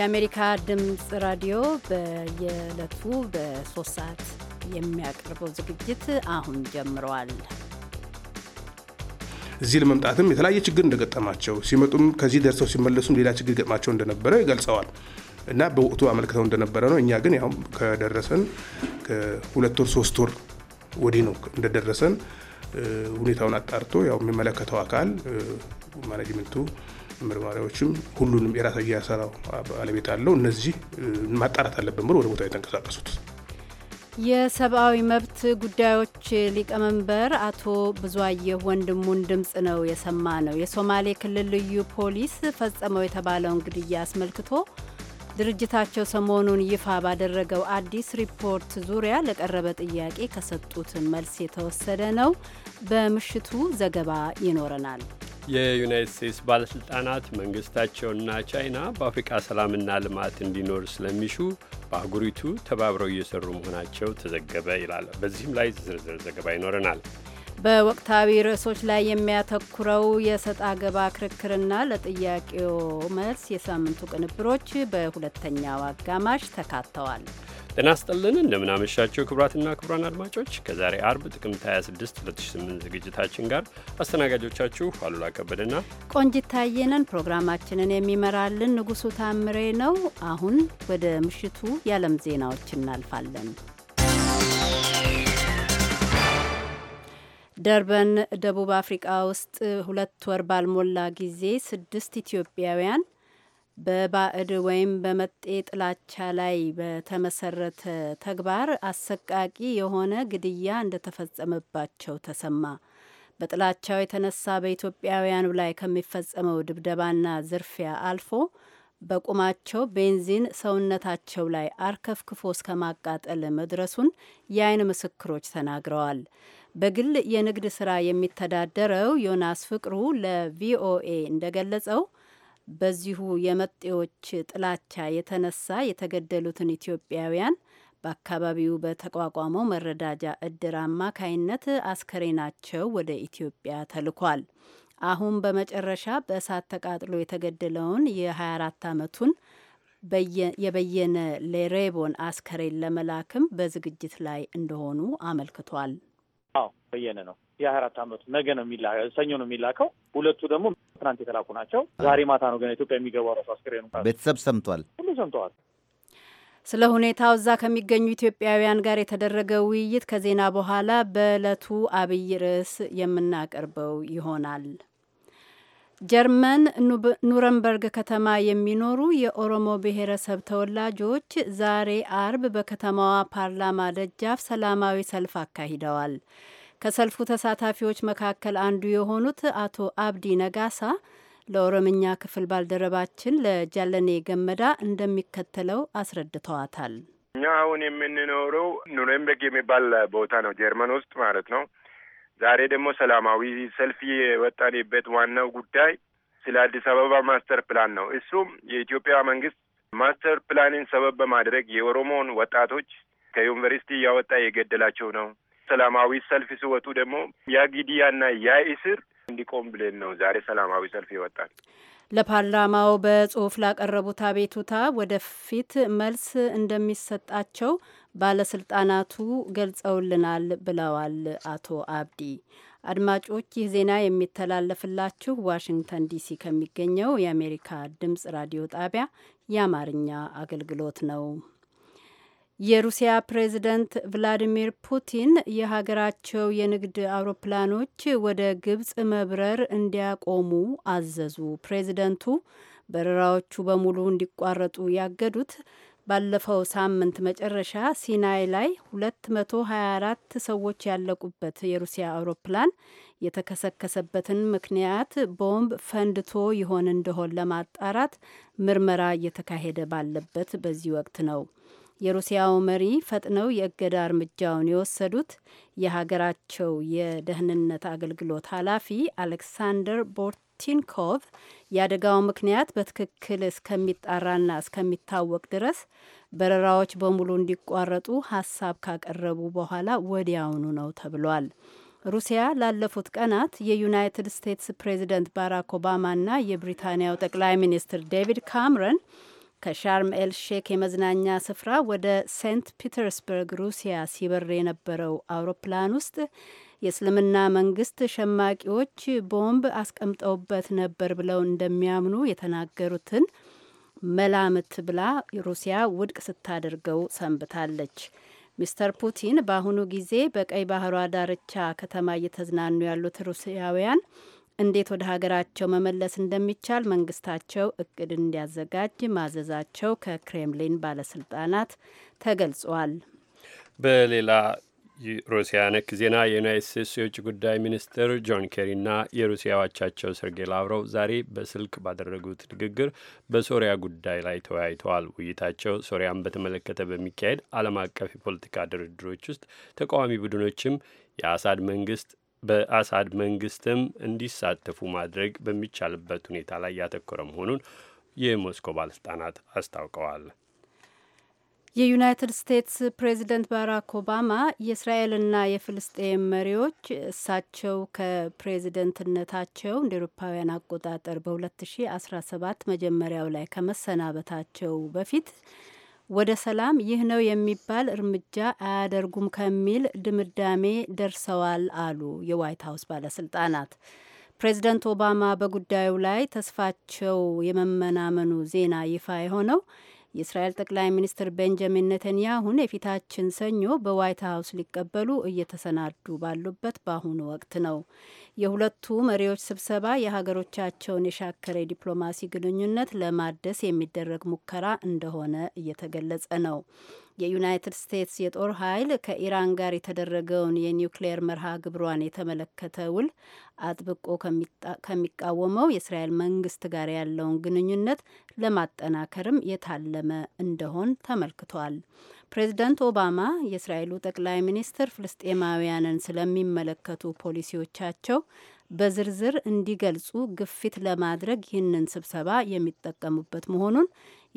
የአሜሪካ ድምፅ ራዲዮ በየዕለቱ በሶስት ሰዓት የሚያቀርበው ዝግጅት አሁን ጀምረዋል። እዚህ ለመምጣትም የተለያየ ችግር እንደገጠማቸው ሲመጡም ከዚህ ደርሰው ሲመለሱም ሌላ ችግር ገጥማቸው እንደነበረ ገልጸዋል እና በወቅቱ አመልክተው እንደነበረ ነው። እኛ ግን ያው ከደረሰን ከሁለት ወር ሶስት ወር ወዲህ ነው እንደደረሰን ሁኔታውን አጣርቶ ያው የሚመለከተው አካል ማኔጅመንቱ ምርማሪዎችም ሁሉንም የራሳ ያሰራው ባለቤት አለው። እነዚህ ማጣራት አለብን ብሎ ወደ ቦታ የተንቀሳቀሱት የሰብአዊ መብት ጉዳዮች ሊቀመንበር አቶ ብዙአየሁ ወንድሙን ድምጽ ነው የሰማ ነው። የሶማሌ ክልል ልዩ ፖሊስ ፈጸመው የተባለውን ግድያ አስመልክቶ ድርጅታቸው ሰሞኑን ይፋ ባደረገው አዲስ ሪፖርት ዙሪያ ለቀረበ ጥያቄ ከሰጡት መልስ የተወሰደ ነው። በምሽቱ ዘገባ ይኖረናል። የዩናይት ስቴትስ ባለሥልጣናት መንግስታቸውና ቻይና በአፍሪቃ ሰላምና ልማት እንዲኖር ስለሚሹ በአህጉሪቱ ተባብረው እየሰሩ መሆናቸው ተዘገበ ይላል። በዚህም ላይ ዝርዝር ዘገባ ይኖረናል። በወቅታዊ ርዕሶች ላይ የሚያተኩረው የሰጥ አገባ ክርክርና ለጥያቄው መልስ የሳምንቱ ቅንብሮች በሁለተኛው አጋማሽ ተካተዋል። ጤና ይስጥልን እንደምናመሻቸው ክቡራትና ክቡራን አድማጮች ከዛሬ አርብ ጥቅምት 26 2008 ዝግጅታችን ጋር አስተናጋጆቻችሁ አሉላ ከበደና ቆንጅት ታየነን። ፕሮግራማችንን የሚመራልን ንጉሱ ታምሬ ነው። አሁን ወደ ምሽቱ የዓለም ዜናዎች እናልፋለን። ደርበን ደቡብ አፍሪቃ ውስጥ ሁለት ወር ባልሞላ ጊዜ ስድስት ኢትዮጵያውያን በባዕድ ወይም በመጤ ጥላቻ ላይ በተመሰረተ ተግባር አሰቃቂ የሆነ ግድያ እንደተፈጸመባቸው ተሰማ። በጥላቻው የተነሳ በኢትዮጵያውያኑ ላይ ከሚፈጸመው ድብደባና ዝርፊያ አልፎ በቁማቸው ቤንዚን ሰውነታቸው ላይ አርከፍክፎ እስከ ማቃጠል መድረሱን የአይን ምስክሮች ተናግረዋል። በግል የንግድ ስራ የሚተዳደረው ዮናስ ፍቅሩ ለቪኦኤ እንደገለጸው በዚሁ የመጤዎች ጥላቻ የተነሳ የተገደሉትን ኢትዮጵያውያን በአካባቢው በተቋቋመው መረዳጃ እድር አማካይነት አስከሬናቸው ወደ ኢትዮጵያ ተልኳል። አሁን በመጨረሻ በእሳት ተቃጥሎ የተገደለውን የ24 ዓመቱን የበየነ ሌሬቦን አስከሬን ለመላክም በዝግጅት ላይ እንደሆኑ አመልክቷል። አዎ በየነ ነው። የሀያ አራት አመቱ ነገ ነው የሚላ ሰኞ ነው የሚላከው። ሁለቱ ደግሞ ትናንት የተላኩ ናቸው። ዛሬ ማታ ነው ገና ኢትዮጵያ የሚገባው ራሱ አስክሬኑ። ቤተሰብ ሰምቷል፣ ሁሉ ሰምተዋል። ስለ ሁኔታው እዛ ከሚገኙ ኢትዮጵያውያን ጋር የተደረገ ውይይት ከዜና በኋላ በእለቱ አብይ ርዕስ የምናቀርበው ይሆናል። ጀርመን ኑረንበርግ ከተማ የሚኖሩ የኦሮሞ ብሔረሰብ ተወላጆች ዛሬ አርብ በከተማዋ ፓርላማ ደጃፍ ሰላማዊ ሰልፍ አካሂደዋል። ከሰልፉ ተሳታፊዎች መካከል አንዱ የሆኑት አቶ አብዲ ነጋሳ ለኦሮምኛ ክፍል ባልደረባችን ለጃለኔ ገመዳ እንደሚከተለው አስረድተዋታል። እኛ አሁን የምንኖረው ኑሬምበግ የሚባል ቦታ ነው፣ ጀርመን ውስጥ ማለት ነው። ዛሬ ደግሞ ሰላማዊ ሰልፍ የወጣንበት ዋናው ጉዳይ ስለ አዲስ አበባ ማስተር ፕላን ነው። እሱም የኢትዮጵያ መንግስት ማስተር ፕላንን ሰበብ በማድረግ የኦሮሞን ወጣቶች ከዩኒቨርሲቲ እያወጣ የገደላቸው ነው። ሰላማዊ ሰልፍ ሲወጡ ደግሞ ያ ግድያና ያ እስር እንዲቆም ብለን ነው ዛሬ ሰላማዊ ሰልፍ ይወጣል። ለፓርላማው በጽሁፍ ላቀረቡት አቤቱታ ወደፊት መልስ እንደሚሰጣቸው ባለስልጣናቱ ገልጸውልናል ብለዋል አቶ አብዲ። አድማጮች ይህ ዜና የሚተላለፍላችሁ ዋሽንግተን ዲሲ ከሚገኘው የአሜሪካ ድምጽ ራዲዮ ጣቢያ የአማርኛ አገልግሎት ነው። የሩሲያ ፕሬዝደንት ቭላዲሚር ፑቲን የሀገራቸው የንግድ አውሮፕላኖች ወደ ግብጽ መብረር እንዲያቆሙ አዘዙ። ፕሬዝደንቱ በረራዎቹ በሙሉ እንዲቋረጡ ያገዱት ባለፈው ሳምንት መጨረሻ ሲናይ ላይ 224 ሰዎች ያለቁበት የሩሲያ አውሮፕላን የተከሰከሰበትን ምክንያት ቦምብ ፈንድቶ ይሆን እንደሆን ለማጣራት ምርመራ እየተካሄደ ባለበት በዚህ ወቅት ነው። የሩሲያው መሪ ፈጥነው የእገዳ እርምጃውን የወሰዱት የሀገራቸው የደህንነት አገልግሎት ኃላፊ አሌክሳንደር ቦርቲንኮቭ የአደጋው ምክንያት በትክክል እስከሚጣራና እስከሚታወቅ ድረስ በረራዎች በሙሉ እንዲቋረጡ ሀሳብ ካቀረቡ በኋላ ወዲያውኑ ነው ተብሏል። ሩሲያ ላለፉት ቀናት የዩናይትድ ስቴትስ ፕሬዚደንት ባራክ ኦባማና የብሪታንያው ጠቅላይ ሚኒስትር ዴቪድ ካምረን ከሻርም ኤል ሼክ የመዝናኛ ስፍራ ወደ ሴንት ፒተርስበርግ ሩሲያ ሲበር የነበረው አውሮፕላን ውስጥ የእስልምና መንግስት ሸማቂዎች ቦምብ አስቀምጠውበት ነበር ብለው እንደሚያምኑ የተናገሩትን መላምት ብላ ሩሲያ ውድቅ ስታደርገው ሰንብታለች። ሚስተር ፑቲን በአሁኑ ጊዜ በቀይ ባህሯ ዳርቻ ከተማ እየተዝናኑ ያሉት ሩሲያውያን እንዴት ወደ ሀገራቸው መመለስ እንደሚቻል መንግስታቸው እቅድ እንዲያዘጋጅ ማዘዛቸው ከክሬምሊን ባለስልጣናት ተገልጿል። በሌላ ሩሲያ ነክ ዜና የዩናይት ስቴትስ የውጭ ጉዳይ ሚኒስትር ጆን ኬሪና የሩሲያ አቻቸው ሰርጌይ ላቭሮቭ ዛሬ በስልክ ባደረጉት ንግግር በሶሪያ ጉዳይ ላይ ተወያይተዋል። ውይይታቸው ሶሪያን በተመለከተ በሚካሄድ ዓለም አቀፍ የፖለቲካ ድርድሮች ውስጥ ተቃዋሚ ቡድኖችም የአሳድ መንግስት በአሳድ መንግስትም እንዲሳተፉ ማድረግ በሚቻልበት ሁኔታ ላይ ያተኮረ መሆኑን የሞስኮ ባለስልጣናት አስታውቀዋል። የዩናይትድ ስቴትስ ፕሬዚደንት ባራክ ኦባማ የእስራኤልና የፍልስጤም መሪዎች እሳቸው ከፕሬዚደንትነታቸው እንደ ኤሮፓውያን አቆጣጠር በ2017 መጀመሪያው ላይ ከመሰናበታቸው በፊት ወደ ሰላም ይህ ነው የሚባል እርምጃ አያደርጉም ከሚል ድምዳሜ ደርሰዋል አሉ የዋይት ሀውስ ባለስልጣናት። ፕሬዚደንት ኦባማ በጉዳዩ ላይ ተስፋቸው የመመናመኑ ዜና ይፋ የሆነው የእስራኤል ጠቅላይ ሚኒስትር ቤንጃሚን ነተንያሁን የፊታችን ሰኞ በዋይት ሀውስ ሊቀበሉ እየተሰናዱ ባሉበት በአሁኑ ወቅት ነው። የሁለቱ መሪዎች ስብሰባ የሀገሮቻቸውን የሻከረ ዲፕሎማሲ ግንኙነት ለማደስ የሚደረግ ሙከራ እንደሆነ እየተገለጸ ነው። የዩናይትድ ስቴትስ የጦር ኃይል ከኢራን ጋር የተደረገውን የኒውክሌየር መርሃ ግብሯን የተመለከተ ውል አጥብቆ ከሚቃወመው የእስራኤል መንግስት ጋር ያለውን ግንኙነት ለማጠናከርም የታለመ እንደሆን ተመልክቷል። ፕሬዚደንት ኦባማ የእስራኤሉ ጠቅላይ ሚኒስትር ፍልስጤማውያንን ስለሚመለከቱ ፖሊሲዎቻቸው በዝርዝር እንዲገልጹ ግፊት ለማድረግ ይህንን ስብሰባ የሚጠቀሙበት መሆኑን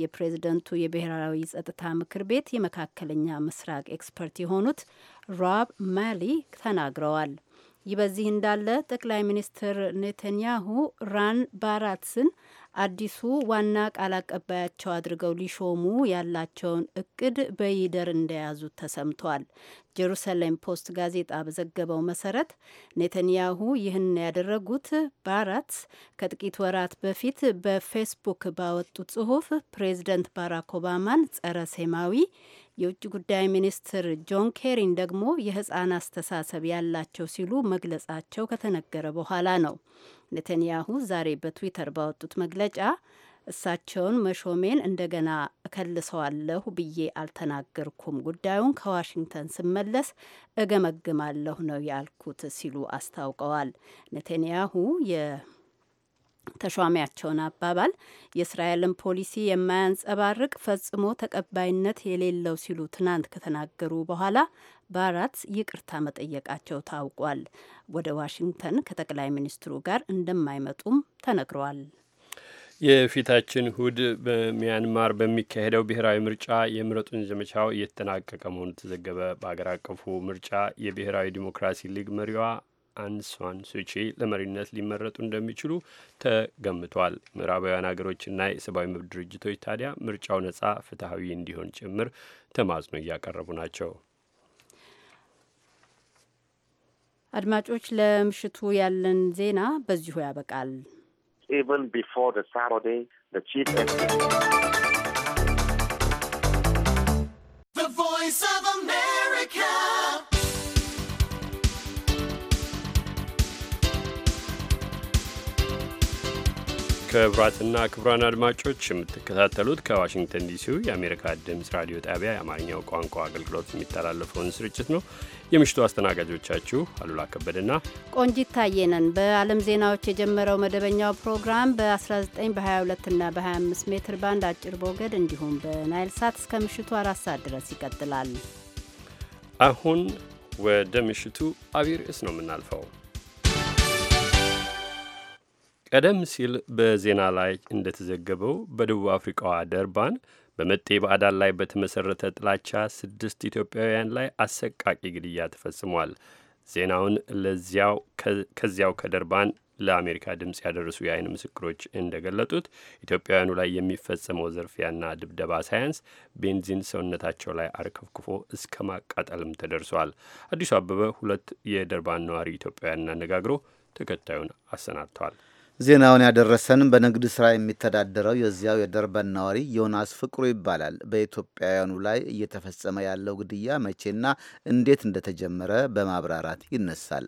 የፕሬዝደንቱ የብሔራዊ ጸጥታ ምክር ቤት የመካከለኛ ምስራቅ ኤክስፐርት የሆኑት ሮብ ማሊ ተናግረዋል። ይህ በዚህ እንዳለ ጠቅላይ ሚኒስትር ኔተንያሁ ራን ባራትስን አዲሱ ዋና ቃል አቀባያቸው አድርገው ሊሾሙ ያላቸውን እቅድ በይደር እንደያዙ ተሰምቷል። ጀሩሳሌም ፖስት ጋዜጣ በዘገበው መሰረት ኔተንያሁ ይህን ያደረጉት ባራትስ ከጥቂት ወራት በፊት በፌስቡክ ባወጡት ጽሁፍ ፕሬዚደንት ባራክ ኦባማን ጸረ ሴማዊ የውጭ ጉዳይ ሚኒስትር ጆን ኬሪን ደግሞ የህፃን አስተሳሰብ ያላቸው ሲሉ መግለጻቸው ከተነገረ በኋላ ነው። ኔተንያሁ ዛሬ በትዊተር ባወጡት መግለጫ እሳቸውን መሾሜን እንደገና እከልሰዋለሁ ብዬ አልተናገርኩም፣ ጉዳዩን ከዋሽንግተን ስመለስ እገመግማለሁ ነው ያልኩት ሲሉ አስታውቀዋል። ኔተንያሁ ተሿሚያቸውን አባባል የእስራኤልን ፖሊሲ የማያንጸባርቅ ፈጽሞ ተቀባይነት የሌለው ሲሉ ትናንት ከተናገሩ በኋላ ባራት ይቅርታ መጠየቃቸው ታውቋል። ወደ ዋሽንግተን ከጠቅላይ ሚኒስትሩ ጋር እንደማይመጡም ተነግረዋል። የፊታችን እሁድ በሚያንማር በሚካሄደው ብሔራዊ ምርጫ የምረጡን ዘመቻው እየተጠናቀቀ መሆኑ ተዘገበ። በሀገር አቀፉ ምርጫ የብሔራዊ ዲሞክራሲ ሊግ መሪዋ አንሷን ሱቺ ለመሪነት ሊመረጡ እንደሚችሉ ተገምቷል። ምዕራባውያን ሀገሮችና የሰብአዊ መብት ድርጅቶች ታዲያ ምርጫው ነጻ፣ ፍትሐዊ እንዲሆን ጭምር ተማጽኖ እያቀረቡ ናቸው። አድማጮች፣ ለምሽቱ ያለን ዜና በዚሁ ያበቃል። ቮይስ ኦፍ አሜሪካ ክቡራትና ክቡራን አድማጮች የምትከታተሉት ከዋሽንግተን ዲሲው የአሜሪካ ድምፅ ራዲዮ ጣቢያ የአማርኛው ቋንቋ አገልግሎት የሚተላለፈውን ስርጭት ነው። የምሽቱ አስተናጋጆቻችሁ አሉላ ከበድና ቆንጂት ታየነን። በዓለም ዜናዎች የጀመረው መደበኛው ፕሮግራም በ19 በ22ና በ25 ሜትር ባንድ አጭር ሞገድ እንዲሁም በናይል ሳት እስከ ምሽቱ አራት ሰዓት ድረስ ይቀጥላል። አሁን ወደ ምሽቱ አቢይ ርዕስ ነው የምናልፈው። ቀደም ሲል በዜና ላይ እንደተዘገበው በደቡብ አፍሪቃዋ ደርባን በመጤ ባዕዳን ላይ በተመሠረተ ጥላቻ ስድስት ኢትዮጵያውያን ላይ አሰቃቂ ግድያ ተፈጽሟል። ዜናውን ለዚያው ከዚያው ከደርባን ለአሜሪካ ድምፅ ያደረሱ የአይን ምስክሮች እንደገለጡት ኢትዮጵያውያኑ ላይ የሚፈጸመው ዘርፊያና ድብደባ ሳያንስ ቤንዚን ሰውነታቸው ላይ አርከፍክፎ እስከ ማቃጠልም ተደርሷል። አዲሱ አበበ ሁለት የደርባን ነዋሪ ኢትዮጵያውያን አነጋግሮ ተከታዩን አሰናድተዋል። ዜናውን ያደረሰን በንግድ ስራ የሚተዳደረው የዚያው የደርበን ነዋሪ ዮናስ ፍቅሩ ይባላል። በኢትዮጵያውያኑ ላይ እየተፈጸመ ያለው ግድያ መቼና እንዴት እንደተጀመረ በማብራራት ይነሳል።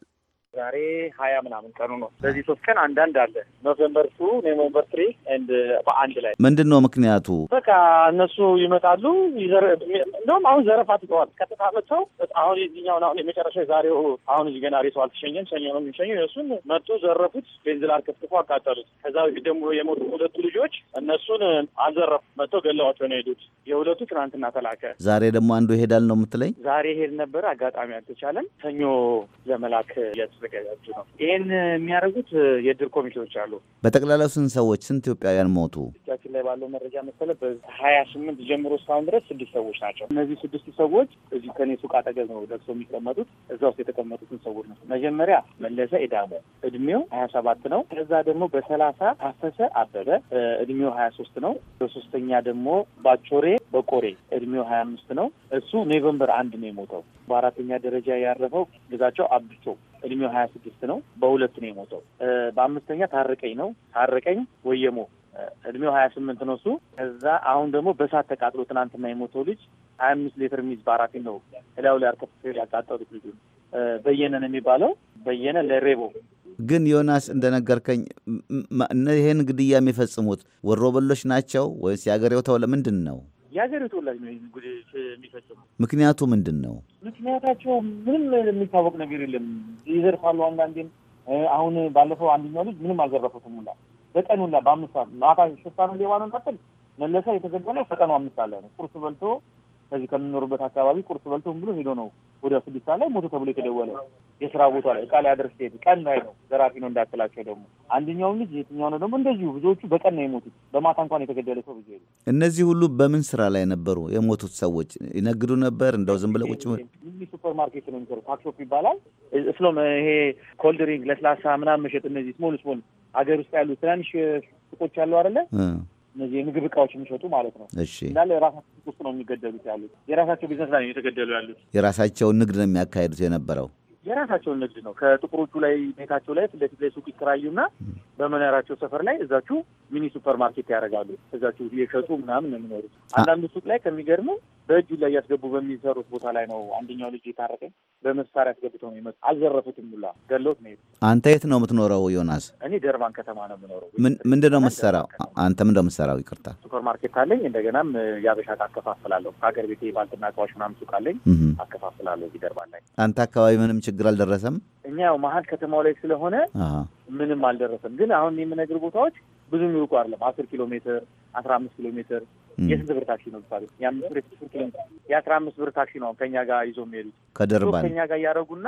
ዛሬ ሀያ ምናምን ቀኑ ነው። ስለዚህ ሶስት ቀን አንዳንድ አለ ኖቨምበር ቱ ኖቨምበር ትሪ ኤንድ በአንድ ላይ ምንድን ነው ምክንያቱ? በቃ እነሱ ይመጣሉ። እንደውም አሁን ዘረፋ ትጠዋል። ቀጥታ መጥተው አሁን የዚኛውን አሁን የመጨረሻ የዛሬው አሁን እዚህ ገና ሬሰው አልተሸኘም። ሰኞ ነው የሚሸኘው። እነሱን መጡ፣ ዘረፉት፣ ቤንዝል አርከፍክፎ አቃጠሉት። ከዛ በፊት ደግሞ የሞቱ ሁለቱ ልጆች እነሱን አልዘረፉ፣ መጥተው ገለዋቸው ነው የሄዱት። የሁለቱ ትናንትና ተላከ። ዛሬ ደግሞ አንዱ ይሄዳል ነው የምትለኝ? ዛሬ ሄድ ነበር፣ አጋጣሚ አልተቻለም። ሰኞ ለመላክ እያዘጋጃጁ ነው። ይህን የሚያደርጉት የድር ኮሚቴዎች አሉ። በጠቅላላው ስንት ሰዎች ስንት ኢትዮጵያውያን ሞቱ? እጃችን ላይ ባለው መረጃ መሰለ በሀያ ስምንት ጀምሮ እስካሁን ድረስ ስድስት ሰዎች ናቸው። እነዚህ ስድስቱ ሰዎች እዚህ ከኔ ሱቅ አጠገብ ነው ደርሰው የሚቀመጡት። እዛ ውስጥ የተቀመጡትን ሰዎች ነው። መጀመሪያ መለሰ ኢዳሞ እድሜው ሀያ ሰባት ነው። ከዛ ደግሞ በሰላሳ ታፈሰ አበበ እድሜው ሀያ ሶስት ነው። በሶስተኛ ደግሞ ባቾሬ በቆሬ እድሜው ሀያ አምስት ነው። እሱ ኖቬምበር አንድ ነው የሞተው። በአራተኛ ደረጃ ያረፈው ግዛቸው አብቾ እድሜው ሀያ ስድስት ነው። በሁለት ነው የሞተው። በአምስተኛ ታርቀኝ ነው ታርቀኝ ወየሞ እድሜው ሀያ ስምንት ነው እሱ። ከዛ አሁን ደግሞ በሳት ተቃጥሎ ትናንትና የሞተው ልጅ ሀያ አምስት ሌትር ሚዝ በአራት ነው እላዩ ላይ አርከፍ ያቃጠሉት ልጁ ነው የሚባለው በየነ ለሬቦ ግን ዮናስ እንደነገርከኝ ይህን ግድያ የሚፈጽሙት ወሮበሎች ናቸው ወይስ የአገሬው ተው ለምንድን ነው? የሀገር ተወላጅ ነው ይህን ምክንያቱ ምንድን ነው? ምክንያታቸው ምንም የሚታወቅ ነገር የለም። ይዘርፋሉ። አንዳንዴም አሁን ባለፈው አንድኛው ልጅ ምንም አልዘረፉትም ሁላ በቀን ሁላ በአምስት ሰዓት ማታ ሽፋኑ ሌባ ነው መለሰ የተዘገነ በቀኑ አምስት አለ ነው ቁርስ በልቶ ከዚህ ከምንኖርበት አካባቢ ቁርስ በልቶ ብሎ ሄዶ ነው ወደ ስድስት ላይ ሞቶ ተብሎ የተደወለ የስራ ቦታ ላይ እቃ ሊያደርስ ሄድ ቀን ላይ ነው። ዘራፊ ነው እንዳትላቸው ደግሞ አንደኛውም ልጅ የትኛው ነው ደግሞ እንደዚሁ ብዙዎቹ በቀን ነው የሞቱት። በማታ እንኳን የተገደለ ሰው ብዙ ሄዱ። እነዚህ ሁሉ በምን ስራ ላይ ነበሩ የሞቱት ሰዎች? ይነግዱ ነበር እንደው ዝም ብለው ቁጭ ሱፐር ማርኬት ነው የሚሰሩ ታክሾፕ ይባላል። እስሎም ይሄ ኮልድሪንግ ለስላሳ ምናምን መሸጥ እነዚህ ስሞል ስሞል ሀገር ውስጥ ያሉ ትናንሽ ሱቆች አሉ አይደለ እነዚህ የምግብ እቃዎች የሚሸጡ ማለት ነው እንዳለ የራሳቸው ውስጥ ነው የሚገደሉት ያሉት የራሳቸው ቢዝነስ ላይ ነው የተገደሉ ያሉት የራሳቸውን ንግድ ነው የሚያካሄዱት የነበረው የራሳቸውን ንግድ ነው። ከጥቁሮቹ ላይ ቤታቸው ላይ ፊት ላይ ሱቅ ይከራዩና በመኖሪያቸው ሰፈር ላይ እዛችሁ ሚኒ ሱፐር ማርኬት ያደርጋሉ። እዛችሁ የሸጡ ምናምን ነው የሚኖሩት። አንዳንዱ ሱቅ ላይ ከሚገርሙ በእጁ ላይ እያስገቡ በሚሰሩት ቦታ ላይ ነው። አንደኛው ልጅ የታረቀኝ በመሳሪያ አስገብተው ነው ይመጡ አልዘረፉትም፣ ሙላ ገለውት ነው። አንተ የት ነው የምትኖረው ዮናስ? እኔ ደርባን ከተማ ነው የምኖረው። ምንድን ነው የምትሰራው አንተ? ምንድን ነው የምትሰራው? ይቅርታ። ሱፐር ማርኬት አለኝ። እንደገናም የአበሻ አከፋፍላለሁ። ከሀገር ቤት ባልትና እቃዎች ምናምን ሱቅ አለኝ፣ አከፋፍላለሁ ደርባን ላይ። አንተ አካባቢ ምንም ችግር አልደረሰም። እኛ ያው መሀል ከተማው ላይ ስለሆነ ምንም አልደረሰም። ግን አሁን የምነግር ቦታዎች ብዙ የሚርቁ አይደለም። አስር ኪሎ ሜትር፣ አስራ አምስት ኪሎ ሜትር የስንት ብር ታክሲ ነው ሳ የአምስት ብር የስድስት ኪሎ ሜትር የአስራ አምስት ብር ታክሲ ነው ከኛ ጋር ይዞ የሚሄዱት ከደርባን ከኛ ጋር እያደረጉና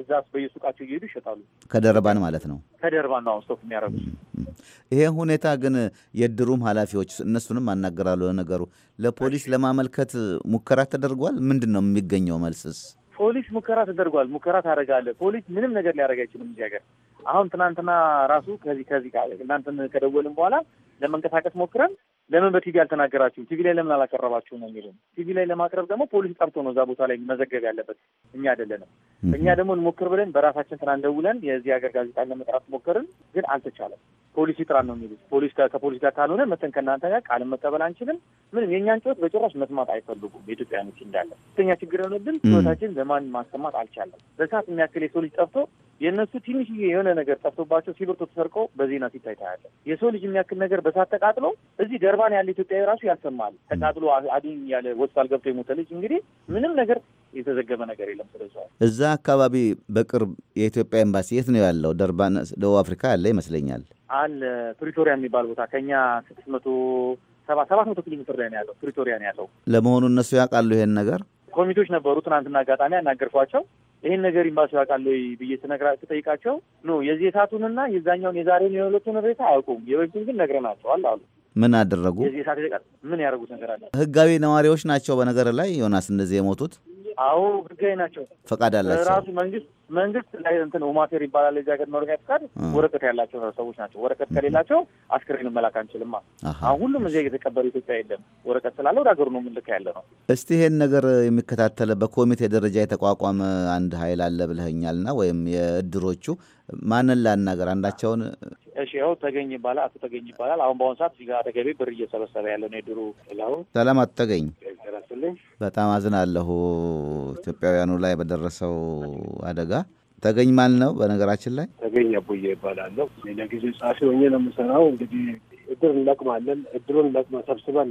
እዛ በየሱቃቸው እየሄዱ ይሸጣሉ። ከደርባን ማለት ነው። ከደርባን ነው ስቶክ የሚያደረጉ። ይሄ ሁኔታ ግን የድሩም ኃላፊዎች እነሱንም አናገራሉ። ነገሩ ለፖሊስ ለማመልከት ሙከራ ተደርጓል። ምንድን ነው የሚገኘው መልስስ? ፖሊስ ሙከራ ተደርጓል። ሙከራ ታደርጋለህ። ፖሊስ ምንም ነገር ሊያደርግ አይችልም እዚህ ሀገር። አሁን ትናንትና ራሱ ከዚህ ከዚህ እናንተን ከደወልን በኋላ ለመንቀሳቀስ ሞክረን ለምን በቲቪ አልተናገራችሁ? ቲቪ ላይ ለምን አላቀረባችሁ ነው የሚሉን። ቲቪ ላይ ለማቅረብ ደግሞ ፖሊስ ጠርቶ ነው እዛ ቦታ ላይ መዘገብ ያለበት፣ እኛ አይደለንም። እኛ ደግሞ እንሞክር ብለን በራሳችን ትናንት ደውለን የዚህ ሀገር ጋዜጣን ለመጥራት ሞከርን፣ ግን አልተቻለም። ፖሊሲ ጥራት ነው የሚሉት ፖሊስ ከፖሊስ ጋር ካልሆነ መተን ከእናንተ ጋር ቃል መቀበል አንችልም፣ ምንም የእኛን ጩኸት በጭራሽ መስማት አይፈልጉም የኢትዮጵያኖች እንዳለ ከፍተኛ ችግር የሆነብን ጩኸታችን ለማን ማሰማት አልቻለም። በሰዓት የሚያክል የሰው ልጅ ጠፍቶ የእነሱ ትንሽዬ የሆነ ነገር ጠፍቶባቸው ሲብርቶ ተሰርቀው በዜና ሲታይ ታያለ። የሰው ልጅ የሚያክል ነገር በሳት ተቃጥሎ እዚህ ደርባን ያለ ኢትዮጵያዊ ራሱ ያልሰማል። ተቃጥሎ አዱኝ ያለ ሆስፒታል ገብቶ የሞተ ልጅ እንግዲህ ምንም ነገር የተዘገበ ነገር የለም። ስለዚ እዛ አካባቢ በቅርብ የኢትዮጵያ ኤምባሲ የት ነው ያለው? ደርባን ደቡብ አፍሪካ አለ ይመስለኛል አለ። ፕሪቶሪያ የሚባል ቦታ ከኛ ስድስት መቶ ሰባ ሰባት መቶ ኪሎ ሜትር ላይ ነው ያለው። ፕሪቶሪያ ነው ያለው። ለመሆኑ እነሱ ያውቃሉ ይሄን ነገር? ኮሚቴዎች ነበሩ ትናንትና አጋጣሚ ያናገርኳቸው ይህን ነገር ኤምባሲ ያውቃል ብዬ ስነግራ ስጠይቃቸው ኖ የዚህ የሳቱንና የዛኛውን የዛሬን የሁለቱን ሬሳ አያውቁም፣ የበፊቱን ግን ነግረናቸዋል አሉ። ምን አደረጉ? የዚህ ምን ያደረጉት ነገር አለ? ህጋዊ ነዋሪዎች ናቸው። በነገር ላይ ዮናስ እንደዚህ የሞቱት አዎ ህጋዊ ናቸው። ፈቃድ አላቸው። ራሱ መንግስት መንግስት ላይ እንትን ኡማቴር ይባላል የዚህ ሀገር መኖሪያ ፈቃድ ወረቀት ያላቸው ሰዎች ናቸው። ወረቀት ከሌላቸው አስክሬን መላክ አንችልማ። አሁን ሁሉም እዚያ እየተቀበረ ኢትዮጵያ የለም። ወረቀት ስላለ ወደ ሀገሩ ነው የምንልከ ያለ ነው። እስቲ ይሄን ነገር የሚከታተለ በኮሚቴ ደረጃ የተቋቋመ አንድ ሀይል አለ ብለኸኛልና ወይም የእድሮቹ ማንን ላናገር? አንዳቸውን እሺ፣ ይኸው ተገኝ ይባላል። አቶ ተገኝ ይባላል። አሁን በአሁኑ ሰዓት እዚህ ጋር አጠገቤ ብር እየሰበሰበ ያለ ነው የድሩ ላሁ ሰላም አቶ ተገኝ ይስጥልኝ። በጣም አዝናለሁ ኢትዮጵያውያኑ ላይ በደረሰው አደጋ። ተገኝ ማን ነው? በነገራችን ላይ ተገኝ አቡዬ ይባላለሁ። ሌላ ጊዜ ጸሐፊ ሆኜ ነው የምሰራው። እንግዲህ እድር እንለቅማለን። እድሩን ለቅመ ሰብስበን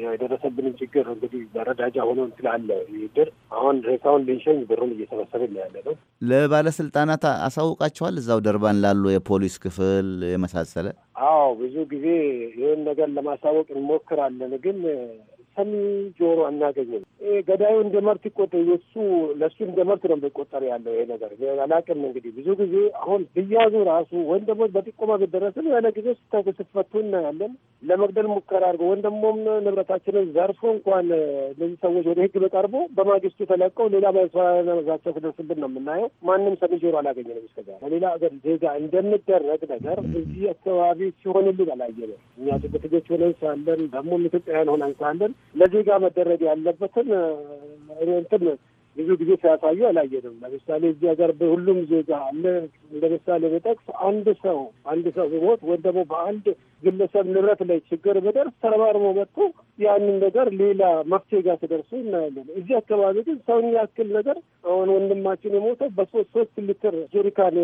የደረሰብንን ችግር እንግዲህ መረዳጃ ሆኖ እንትላለ እድር አሁን ሬሳውን ልንሸኝ ብሩን እየሰበሰብን ያለ ነው። ለባለስልጣናት አሳውቃቸዋል። እዛው ደርባን ላሉ የፖሊስ ክፍል የመሳሰለ አዎ፣ ብዙ ጊዜ ይህን ነገር ለማሳወቅ እንሞክራለን ግን ሰሚ ጆሮ አናገኝም። ገዳዩ እንደ መርት ይቆጠር የሱ ለእሱ እንደ መርት ነው የሚቆጠር ያለው ይሄ ነገር አላቅም። እንግዲህ ብዙ ጊዜ አሁን ብያዙ ራሱ ወይም ደግሞ በጥቆማ ቢደረስም የሆነ ጊዜ ስትፈቱ እናያለን። ለመግደል ሙከራ አድርጎ ወይም ደግሞ ንብረታችንን ዘርፎ እንኳን እነዚህ ሰዎች ወደ ህግ በቀርቦ በማግስቱ ተለቀው ሌላ ማስፈራራታቸው ክደርስብን ነው የምናየው። ማንም ሰሚ ጆሮ ነው እስከዛ በሌላ ሀገር ዜጋ እንደምደረግ ነገር እዚህ አካባቢ ሲሆንልን አላየነ እኛ ችግር ትጆች ሆነን ሳለን ደግሞ ኢትዮጵያውያን ሆነን ሳለን ለዜጋ መደረግ ያለበትን እንትን ብዙ ጊዜ ሲያሳዩ አላየንም። ለምሳሌ እዚህ ሀገር በሁሉም ዜጋ እንደ ምሳሌ ብጠቅስ አንድ ሰው አንድ ሰው ቢሞት ወይም ደግሞ በአንድ ግለሰብ ንብረት ላይ ችግር ብደርስ ተረባርቦ መጥቶ ያንን ነገር ሌላ መፍትሄ ጋር ተደርሶ እናያለን። እዚህ አካባቢ ግን ሰውን ያክል ነገር አሁን ወንድማችን የሞተው በሶስት ሶስት ሊትር ጀሪካን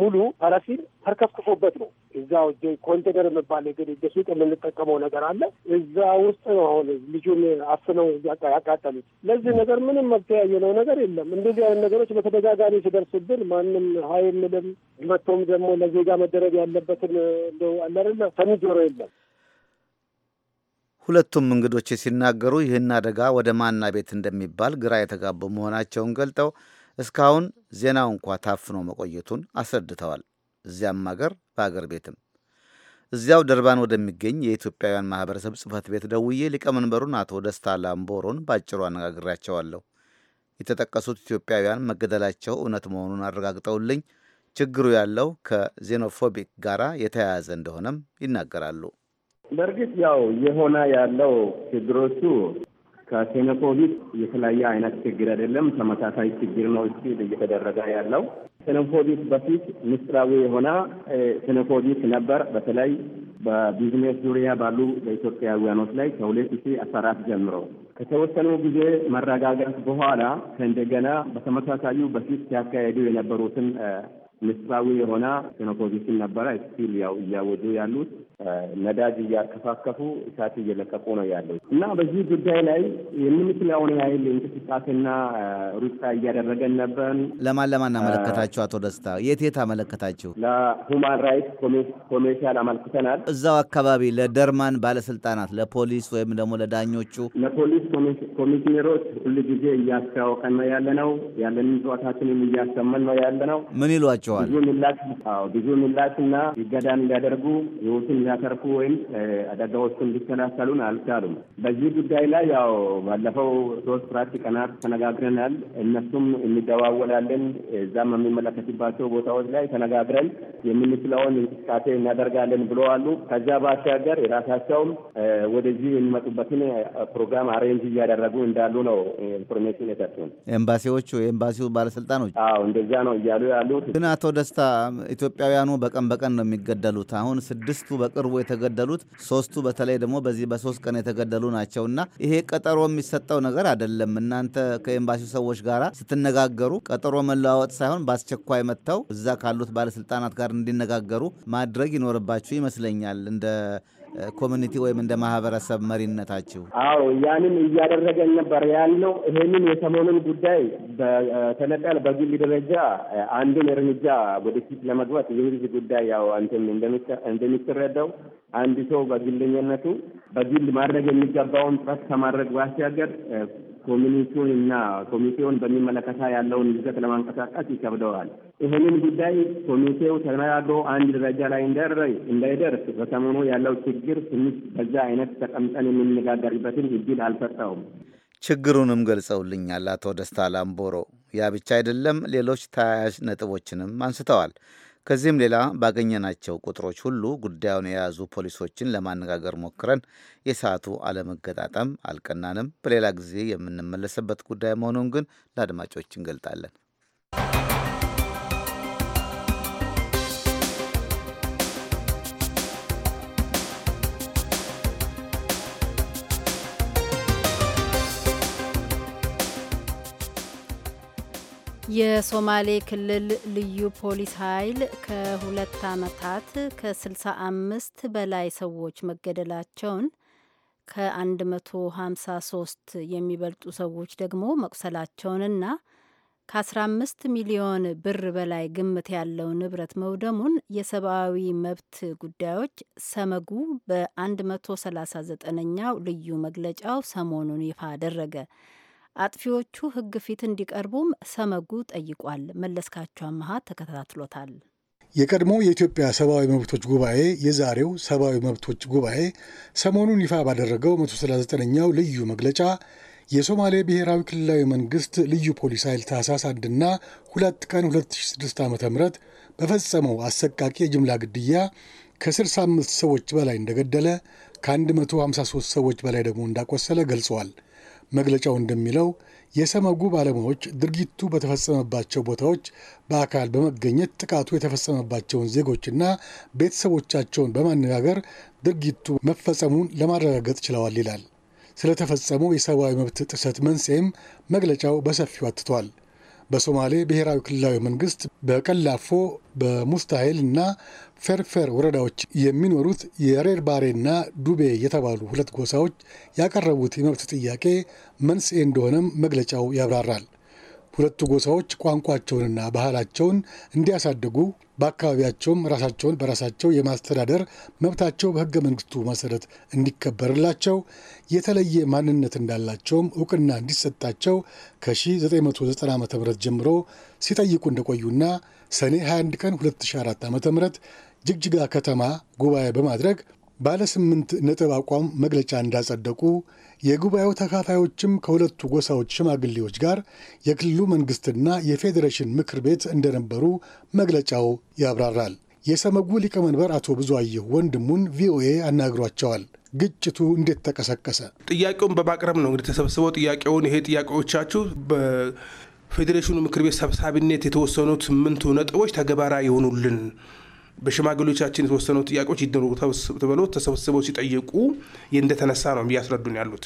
ሙሉ ፓራፊን ተርከፍክፎበት ነው። እዛው ኮንቴነር የሚባል እንግዲህ ደሱቅ የምንጠቀመው ነገር አለ። እዛ ውስጥ ነው አሁን ልጁን አፍነው ያቃጠሉት። ለዚህ ነገር ምንም መፍትሄ ያየነው ነገር የለም። እንደዚህ አይነት ነገሮች በተደጋጋሚ ሲደርሱብን ማንም ሀይ ምልም መቶም ደግሞ ለዜጋ መደረግ ያለበትን እንደው አለርና ጆሮ የለም። ሁለቱም እንግዶች ሲናገሩ ይህን አደጋ ወደ ማና ቤት እንደሚባል ግራ የተጋቡ መሆናቸውን ገልጠው እስካሁን ዜናው እንኳ ታፍኖ መቆየቱን አስረድተዋል። እዚያም አገር በአገር ቤትም እዚያው ደርባን ወደሚገኝ የኢትዮጵያውያን ማህበረሰብ ጽህፈት ቤት ደውዬ ሊቀመንበሩን አቶ ደስታ ላምቦሮን ባጭሩ አነጋግሬያቸዋለሁ። የተጠቀሱት ኢትዮጵያውያን መገደላቸው እውነት መሆኑን አረጋግጠውልኝ ችግሩ ያለው ከዜኖፎቢክ ጋራ የተያያዘ እንደሆነም ይናገራሉ። በእርግጥ ያው የሆነ ያለው ችግሮቹ ከሴኖፎቢክ የተለያየ አይነት ችግር አይደለም፣ ተመሳሳይ ችግር ነው ስል እየተደረገ ያለው ሴኖፎቢክ በፊት ምስጢራዊ የሆነ ሴኖፎቢክ ነበር። በተለይ በቢዝነስ ዙሪያ ባሉ በኢትዮጵያውያኖች ላይ ከሁለት ሺ አስራ አራት ጀምሮ ከተወሰኑ ጊዜ መረጋጋት በኋላ ከእንደገና በተመሳሳዩ በፊት ሲያካሄዱ የነበሩትን ምስራዊ የሆነ ኦፖዚሽን ነበረ። ስቲል ያው እያወጁ ያሉት ነዳጅ እያከፋከፉ እሳት እየለቀቁ ነው ያለው እና በዚህ ጉዳይ ላይ የምንችለውን ያህል እንቅስቃሴና ሩጫ እያደረገን ነበርን። ለማን ለማን አመለከታችሁ? አቶ ደስታ የት የት አመለከታችሁ? ለሁማን ራይትስ ኮሜሽን አመልክተናል። እዛው አካባቢ ለደርማን ባለስልጣናት፣ ለፖሊስ ወይም ደግሞ ለዳኞቹ፣ ለፖሊስ ኮሚሽነሮች ሁሉ ጊዜ እያስታወቀን ነው ያለ ነው። ያለንን ጨዋታችንም እያሰመን ነው ያለ ነው። ምን ይሏቸው ይገጥማቸዋል። ብዙ ምላሽ ብዙ ምላሽ ምላሽና ይገዳን እንዲያደርጉ ህይወቱን የሚያተርፉ ወይም አደጋዎቹ እንዲከላከሉን አልቻሉም። በዚህ ጉዳይ ላይ ያው ባለፈው ሶስት አራት ቀናት ተነጋግረናል። እነሱም እንደዋወላለን እዛም የሚመለከትባቸው ቦታዎች ላይ ተነጋግረን የምንችለውን እንቅስቃሴ እናደርጋለን ብለዋሉ። ከዚያ ባሻገር የራሳቸውም ወደዚህ የሚመጡበትን ፕሮግራም አሬንጅ እያደረጉ እንዳሉ ነው ኢንፎርሜሽን የሰጡን ኤምባሲዎቹ፣ የኤምባሲው ባለስልጣኖች። አዎ እንደዚያ ነው እያሉ ያሉት ግን አቶ ደስታ ኢትዮጵያውያኑ በቀን በቀን ነው የሚገደሉት። አሁን ስድስቱ በቅርቡ የተገደሉት፣ ሶስቱ በተለይ ደግሞ በዚህ በሶስት ቀን የተገደሉ ናቸው እና ይሄ ቀጠሮ የሚሰጠው ነገር አይደለም። እናንተ ከኤምባሲው ሰዎች ጋር ስትነጋገሩ ቀጠሮ መለዋወጥ ሳይሆን በአስቸኳይ መጥተው እዛ ካሉት ባለስልጣናት ጋር እንዲነጋገሩ ማድረግ ይኖርባችሁ ይመስለኛል እንደ ኮሚኒቲ ወይም እንደ ማህበረሰብ መሪነታችሁ? አዎ ያንን እያደረገን ነበር ያለው ይሄንን የሰሞኑን ጉዳይ በተለቀል በግል ደረጃ አንድን እርምጃ ወደፊት ለመግባት የህዝብ ጉዳይ ያው አንተም እንደሚትረዳው አንድ ሰው በግለኝነቱ በግል ማድረግ የሚገባውን ጥረት ከማድረግ ባሻገር ኮሚኒቲውን እና ኮሚቴውን በሚመለከታ ያለውን ይዘት ለማንቀሳቀስ ይከብደዋል። ይህንን ጉዳይ ኮሚቴው ተነጋግሮ አንድ ደረጃ ላይ እንዳይደርስ በሰሞኑ ያለው ችግር ትንሽ በዛ አይነት ተቀምጠን የምንነጋገርበትን እድል አልፈጠውም። ችግሩንም ገልጸውልኛል አቶ ደስታ ላምቦሮ። ያ ብቻ አይደለም፣ ሌሎች ተያያዥ ነጥቦችንም አንስተዋል። ከዚህም ሌላ ባገኘናቸው ቁጥሮች ሁሉ ጉዳዩን የያዙ ፖሊሶችን ለማነጋገር ሞክረን የሰዓቱ አለመገጣጠም አልቀናንም። በሌላ ጊዜ የምንመለስበት ጉዳይ መሆኑን ግን ለአድማጮች እንገልጣለን። የሶማሌ ክልል ልዩ ፖሊስ ኃይል ከሁለት ዓመታት ከ65 በላይ ሰዎች መገደላቸውን ከ153 የሚበልጡ ሰዎች ደግሞ መቁሰላቸውንና ከ15 ሚሊዮን ብር በላይ ግምት ያለው ንብረት መውደሙን የሰብአዊ መብት ጉዳዮች ሰመጉ በ139ኛው ልዩ መግለጫው ሰሞኑን ይፋ አደረገ። አጥፊዎቹ ሕግ ፊት እንዲቀርቡም ሰመጉ ጠይቋል። መለስካቸው አመሃ ተከታትሎታል። የቀድሞ የኢትዮጵያ ሰብአዊ መብቶች ጉባኤ የዛሬው ሰብአዊ መብቶች ጉባኤ ሰሞኑን ይፋ ባደረገው 139ኛው ልዩ መግለጫ የሶማሌ ብሔራዊ ክልላዊ መንግስት ልዩ ፖሊስ ኃይል ታህሳስ አንድና ሁለት ቀን 2006 ዓ ም በፈጸመው አሰቃቂ የጅምላ ግድያ ከ65 ሰዎች በላይ እንደገደለ ከ153 ሰዎች በላይ ደግሞ እንዳቆሰለ ገልጸዋል። መግለጫው እንደሚለው የሰመጉ ባለሙያዎች ድርጊቱ በተፈጸመባቸው ቦታዎች በአካል በመገኘት ጥቃቱ የተፈጸመባቸውን ዜጎችና ቤተሰቦቻቸውን በማነጋገር ድርጊቱ መፈጸሙን ለማረጋገጥ ችለዋል ይላል። ስለተፈጸመው የሰብአዊ መብት ጥሰት መንስኤም መግለጫው በሰፊው አትቷል። በሶማሌ ብሔራዊ ክልላዊ መንግስት በቀላፎ በሙስታሂል እና ፌርፌር ወረዳዎች የሚኖሩት የሬርባሬና ዱቤ የተባሉ ሁለት ጎሳዎች ያቀረቡት የመብት ጥያቄ መንስኤ እንደሆነም መግለጫው ያብራራል። ሁለቱ ጎሳዎች ቋንቋቸውንና ባህላቸውን እንዲያሳድጉ በአካባቢያቸውም ራሳቸውን በራሳቸው የማስተዳደር መብታቸው በሕገ መንግስቱ መሰረት እንዲከበርላቸው የተለየ ማንነት እንዳላቸውም እውቅና እንዲሰጣቸው ከ1990 ዓ ም ጀምሮ ሲጠይቁ እንደቆዩና ሰኔ 21 ቀን 2004 ዓ ም ጅግጅጋ ከተማ ጉባኤ በማድረግ ባለ ስምንት ነጥብ አቋም መግለጫ እንዳጸደቁ የጉባኤው ተካፋዮችም ከሁለቱ ጎሳዎች ሽማግሌዎች ጋር የክልሉ መንግስትና የፌዴሬሽን ምክር ቤት እንደነበሩ መግለጫው ያብራራል። የሰመጉ ሊቀመንበር አቶ ብዙአየሁ ወንድሙን ቪኦኤ አናግሯቸዋል። ግጭቱ እንዴት ተቀሰቀሰ? ጥያቄውን በማቅረብ ነው እንግዲህ ተሰብስበው ጥያቄውን ይሄ ጥያቄዎቻችሁ በፌዴሬሽኑ ምክር ቤት ሰብሳቢነት የተወሰኑት ስምንቱ ነጥቦች ተግባራዊ ይሆኑልን በሽማግሌዎቻችን የተወሰኑ ጥያቄዎች ይደሩ ተብሎ ተሰብስበው ሲጠየቁ እንደተነሳ ነው እያስረዱን ያሉት።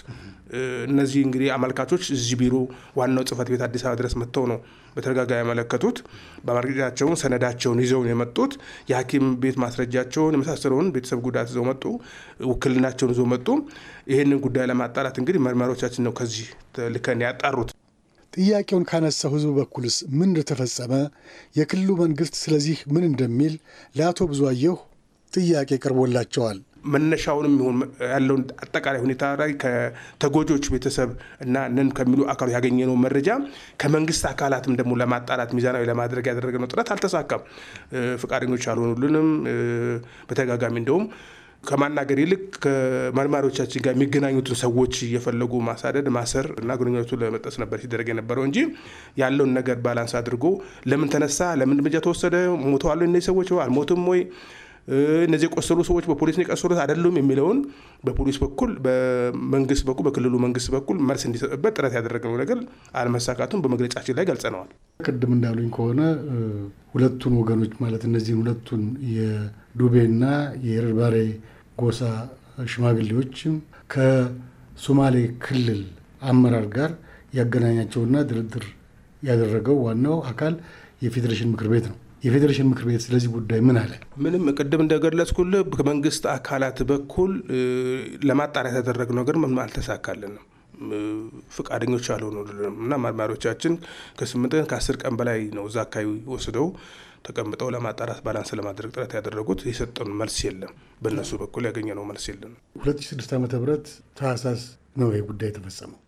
እነዚህ እንግዲህ አመልካቾች እዚህ ቢሮ ዋናው ጽህፈት ቤት አዲስ አበባ ድረስ መጥተው ነው በተደጋጋሚ ያመለከቱት። በማረጋገጫቸውን ሰነዳቸውን ይዘው የመጡት የሐኪም ቤት ማስረጃቸውን የመሳሰለውን ቤተሰብ ጉዳት ይዘው መጡ፣ ውክልናቸውን ይዘው መጡ። ይህንን ጉዳይ ለማጣራት እንግዲህ መርማሪዎቻችን ነው ከዚህ ልከን ያጣሩት። ጥያቄውን ካነሳው ህዝብ በኩልስ ምን እንደተፈጸመ የክልሉ መንግስት ስለዚህ ምን እንደሚል ለአቶ ብዙአየሁ ጥያቄ ቀርቦላቸዋል። መነሻውንም ይሁን ያለውን አጠቃላይ ሁኔታ ላይ ከተጎጆች ቤተሰብ እና ነን ከሚሉ አካሉ ያገኘነው መረጃ ከመንግስት አካላትም ደግሞ ለማጣራት ሚዛናዊ ለማድረግ ያደረግነው ጥረት አልተሳካም። ፈቃደኞች አልሆኑልንም። በተደጋጋሚ እንደውም ከማናገር ይልቅ ከመርማሪዎቻችን ጋር የሚገናኙትን ሰዎች እየፈለጉ ማሳደድ፣ ማሰር እና ግንኙነቱ ለመጠስ ነበር ሲደረግ የነበረው እንጂ ያለውን ነገር ባላንስ አድርጎ ለምን ተነሳ፣ ለምን እርምጃ ተወሰደ፣ ሞተዋል እነዚህ ሰዎች አልሞትም ወይ እነዚህ የቆሰሉ ሰዎች በፖሊስ የቀሰሉት አይደሉም የሚለውን በፖሊስ በኩል በመንግስት በኩል በክልሉ መንግስት በኩል መልስ እንዲሰጥበት ጥረት ያደረግነው ነገር አለመሳካቱን በመግለጫችን ላይ ገልጸነዋል። ቅድም እንዳሉኝ ከሆነ ሁለቱን ወገኖች ማለት እነዚህን ሁለቱን የዱቤና የርባሬ ጎሳ ሽማግሌዎች ከሶማሌ ክልል አመራር ጋር ያገናኛቸውና ድርድር ያደረገው ዋናው አካል የፌዴሬሽን ምክር ቤት ነው። የፌዴሬሽን ምክር ቤት ስለዚህ ጉዳይ ምን አለ? ምንም ቅድም እንደገለጽኩልህ ከመንግስት አካላት በኩል ለማጣሪያ የተደረገው ነገር ምንም አልተሳካልንም። ፈቃደኞች አልሆኑልንም እና መርማሪዎቻችን ከስምንት ቀን ከአስር ቀን በላይ ነው እዛ አካባቢ ወስደው ተቀምጠው ለማጣራት ባላንስ ለማድረግ ጥረት ያደረጉት የሰጠን መልስ የለም። በእነሱ በኩል ያገኘነው መልስ የለም። 2006 ዓ ም ታህሳስ ነው ይህ ጉዳይ የተፈጸመው።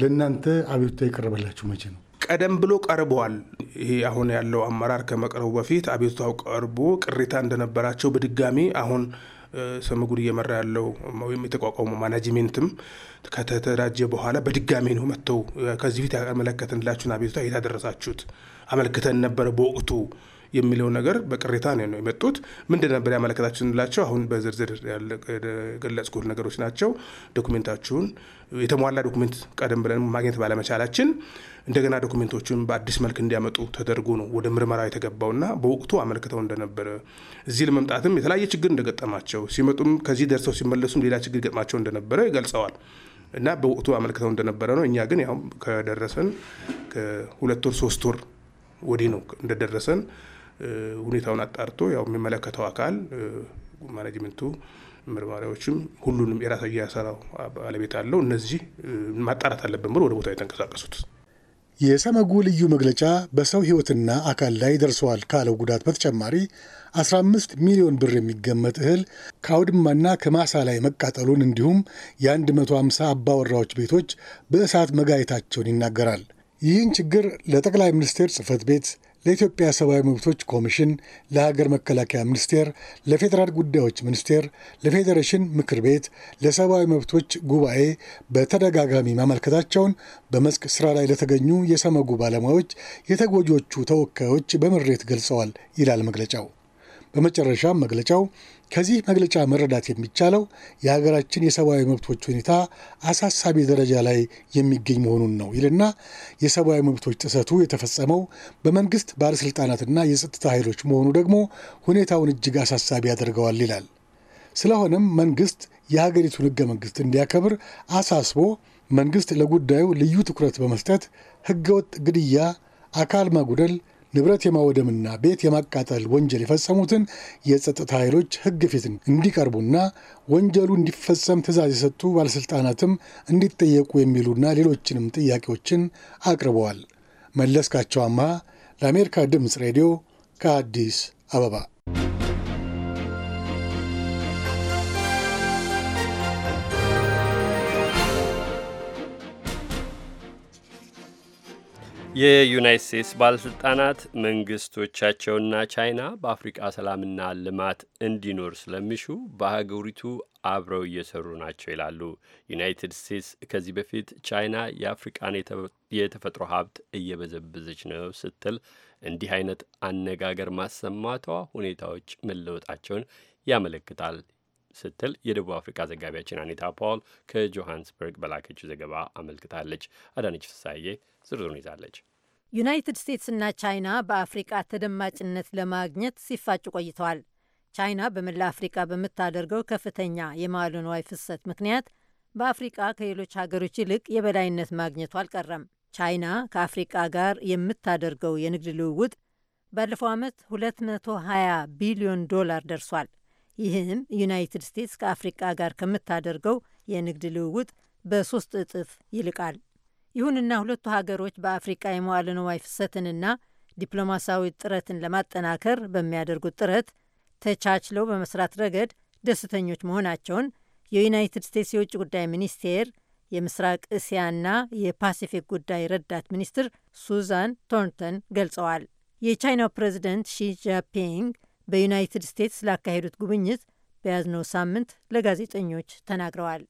ለእናንተ አቤቱታ የቀረበላችሁ መቼ ነው? ቀደም ብሎ ቀርበዋል። ይሄ አሁን ያለው አመራር ከመቅረቡ በፊት አቤቱታው ቀርቦ ቅሬታ እንደነበራቸው በድጋሚ አሁን ሰመጉድ እየመራ ያለው ወይም የተቋቋመው ማናጅሜንትም ከተደራጀ በኋላ በድጋሚ ነው መጥተው ከዚህ ፊት ያመለከትንላችሁን አቤቱታ የታደረሳችሁት አመልክተን ነበረ በወቅቱ የሚለው ነገር በቅሬታ ነው የመጡት። ምንድን ነበር ያመለከታችሁንላቸው? አሁን በዝርዝር ገለጽኩት ነገሮች ናቸው። ዶኩሜንታችሁን የተሟላ ዶኩሜንት ቀደም ብለን ማግኘት ባለመቻላችን እንደገና ዶክሜንቶቹን በአዲስ መልክ እንዲያመጡ ተደርጎ ነው ወደ ምርመራ የተገባውና በወቅቱ አመልክተው እንደነበረ እዚህ ለመምጣትም የተለያየ ችግር እንደገጠማቸው ሲመጡም ከዚህ ደርሰው ሲመለሱም ሌላ ችግር ገጥማቸው እንደነበረ ገልጸዋል። እና በወቅቱ አመልክተው እንደነበረ ነው። እኛ ግን ያው ከደረሰን ከሁለት ወር ሶስት ወር ወዲህ ነው እንደደረሰን ሁኔታውን አጣርቶ ያው የሚመለከተው አካል ማኔጅመንቱ ምርማሪያዎችም ሁሉንም የራሳያ ሰራው ባለቤት አለው። እነዚህ ማጣራት አለብን ብሎ ወደ ቦታ የተንቀሳቀሱት የሰመጉ ልዩ መግለጫ በሰው ሕይወትና አካል ላይ ደርሰዋል ካለው ጉዳት በተጨማሪ 15 ሚሊዮን ብር የሚገመት እህል ከአውድማና ከማሳ ላይ መቃጠሉን እንዲሁም የ150 አባወራዎች ቤቶች በእሳት መጋየታቸውን ይናገራል። ይህን ችግር ለጠቅላይ ሚኒስቴር ጽህፈት ቤት ለኢትዮጵያ ሰብአዊ መብቶች ኮሚሽን፣ ለሀገር መከላከያ ሚኒስቴር፣ ለፌዴራል ጉዳዮች ሚኒስቴር፣ ለፌዴሬሽን ምክር ቤት፣ ለሰብአዊ መብቶች ጉባኤ በተደጋጋሚ ማመልከታቸውን በመስክ ስራ ላይ ለተገኙ የሰመጉ ባለሙያዎች የተጎጂዎቹ ተወካዮች በምሬት ገልጸዋል ይላል መግለጫው። በመጨረሻም መግለጫው ከዚህ መግለጫ መረዳት የሚቻለው የሀገራችን የሰብአዊ መብቶች ሁኔታ አሳሳቢ ደረጃ ላይ የሚገኝ መሆኑን ነው ይልና የሰብአዊ መብቶች ጥሰቱ የተፈጸመው በመንግስት ባለሥልጣናትና የጸጥታ ኃይሎች መሆኑ ደግሞ ሁኔታውን እጅግ አሳሳቢ ያደርገዋል ይላል። ስለሆነም መንግስት የሀገሪቱን ህገ መንግስት እንዲያከብር አሳስቦ መንግስት ለጉዳዩ ልዩ ትኩረት በመስጠት ህገወጥ ግድያ፣ አካል መጉደል ንብረት የማወደምና ቤት የማቃጠል ወንጀል የፈጸሙትን የጸጥታ ኃይሎች ሕግ ፊት እንዲቀርቡና ወንጀሉ እንዲፈጸም ትዕዛዝ የሰጡ ባለሥልጣናትም እንዲጠየቁ የሚሉና ሌሎችንም ጥያቄዎችን አቅርበዋል። መለስካቸው አምሃ ለአሜሪካ ድምፅ ሬዲዮ ከአዲስ አበባ የዩናይት ስቴትስ ባለሥልጣናት መንግስቶቻቸውና ቻይና በአፍሪቃ ሰላምና ልማት እንዲኖር ስለሚሹ በሀገሪቱ አብረው እየሰሩ ናቸው ይላሉ። ዩናይትድ ስቴትስ ከዚህ በፊት ቻይና የአፍሪቃን የተፈጥሮ ሀብት እየበዘበዘች ነው ስትል እንዲህ አይነት አነጋገር ማሰማቷ ሁኔታዎች መለወጣቸውን ያመለክታል ስትል የደቡብ አፍሪካ ዘጋቢያችን አኒታ ፓውል ከጆሃንስበርግ በላከችው ዘገባ አመልክታለች። አዳነች ፍሳዬ ዝርዝሩን ይዛለች። ዩናይትድ ስቴትስና ቻይና በአፍሪቃ ተደማጭነት ለማግኘት ሲፋጭ ቆይተዋል። ቻይና በመላ አፍሪቃ በምታደርገው ከፍተኛ የመዋለ ንዋይ ፍሰት ምክንያት በአፍሪቃ ከሌሎች ሀገሮች ይልቅ የበላይነት ማግኘቱ አልቀረም። ቻይና ከአፍሪቃ ጋር የምታደርገው የንግድ ልውውጥ ባለፈው ዓመት 220 ቢሊዮን ዶላር ደርሷል። ይህም ዩናይትድ ስቴትስ ከአፍሪቃ ጋር ከምታደርገው የንግድ ልውውጥ በሶስት እጥፍ ይልቃል። ይሁንና ሁለቱ ሀገሮች በአፍሪቃ የመዋለ ንዋይ ፍሰትንና ዲፕሎማሲያዊ ጥረትን ለማጠናከር በሚያደርጉት ጥረት ተቻችለው በመስራት ረገድ ደስተኞች መሆናቸውን የዩናይትድ ስቴትስ የውጭ ጉዳይ ሚኒስቴር የምስራቅ እስያና የፓሲፊክ ጉዳይ ረዳት ሚኒስትር ሱዛን ቶርንተን ገልጸዋል። የቻይናው ፕሬዚደንት ሺ ጂንፒንግ በዩናይትድ ስቴትስ ላካሄዱት ጉብኝት በያዝነው ሳምንት ለጋዜጠኞች ተናግረዋል።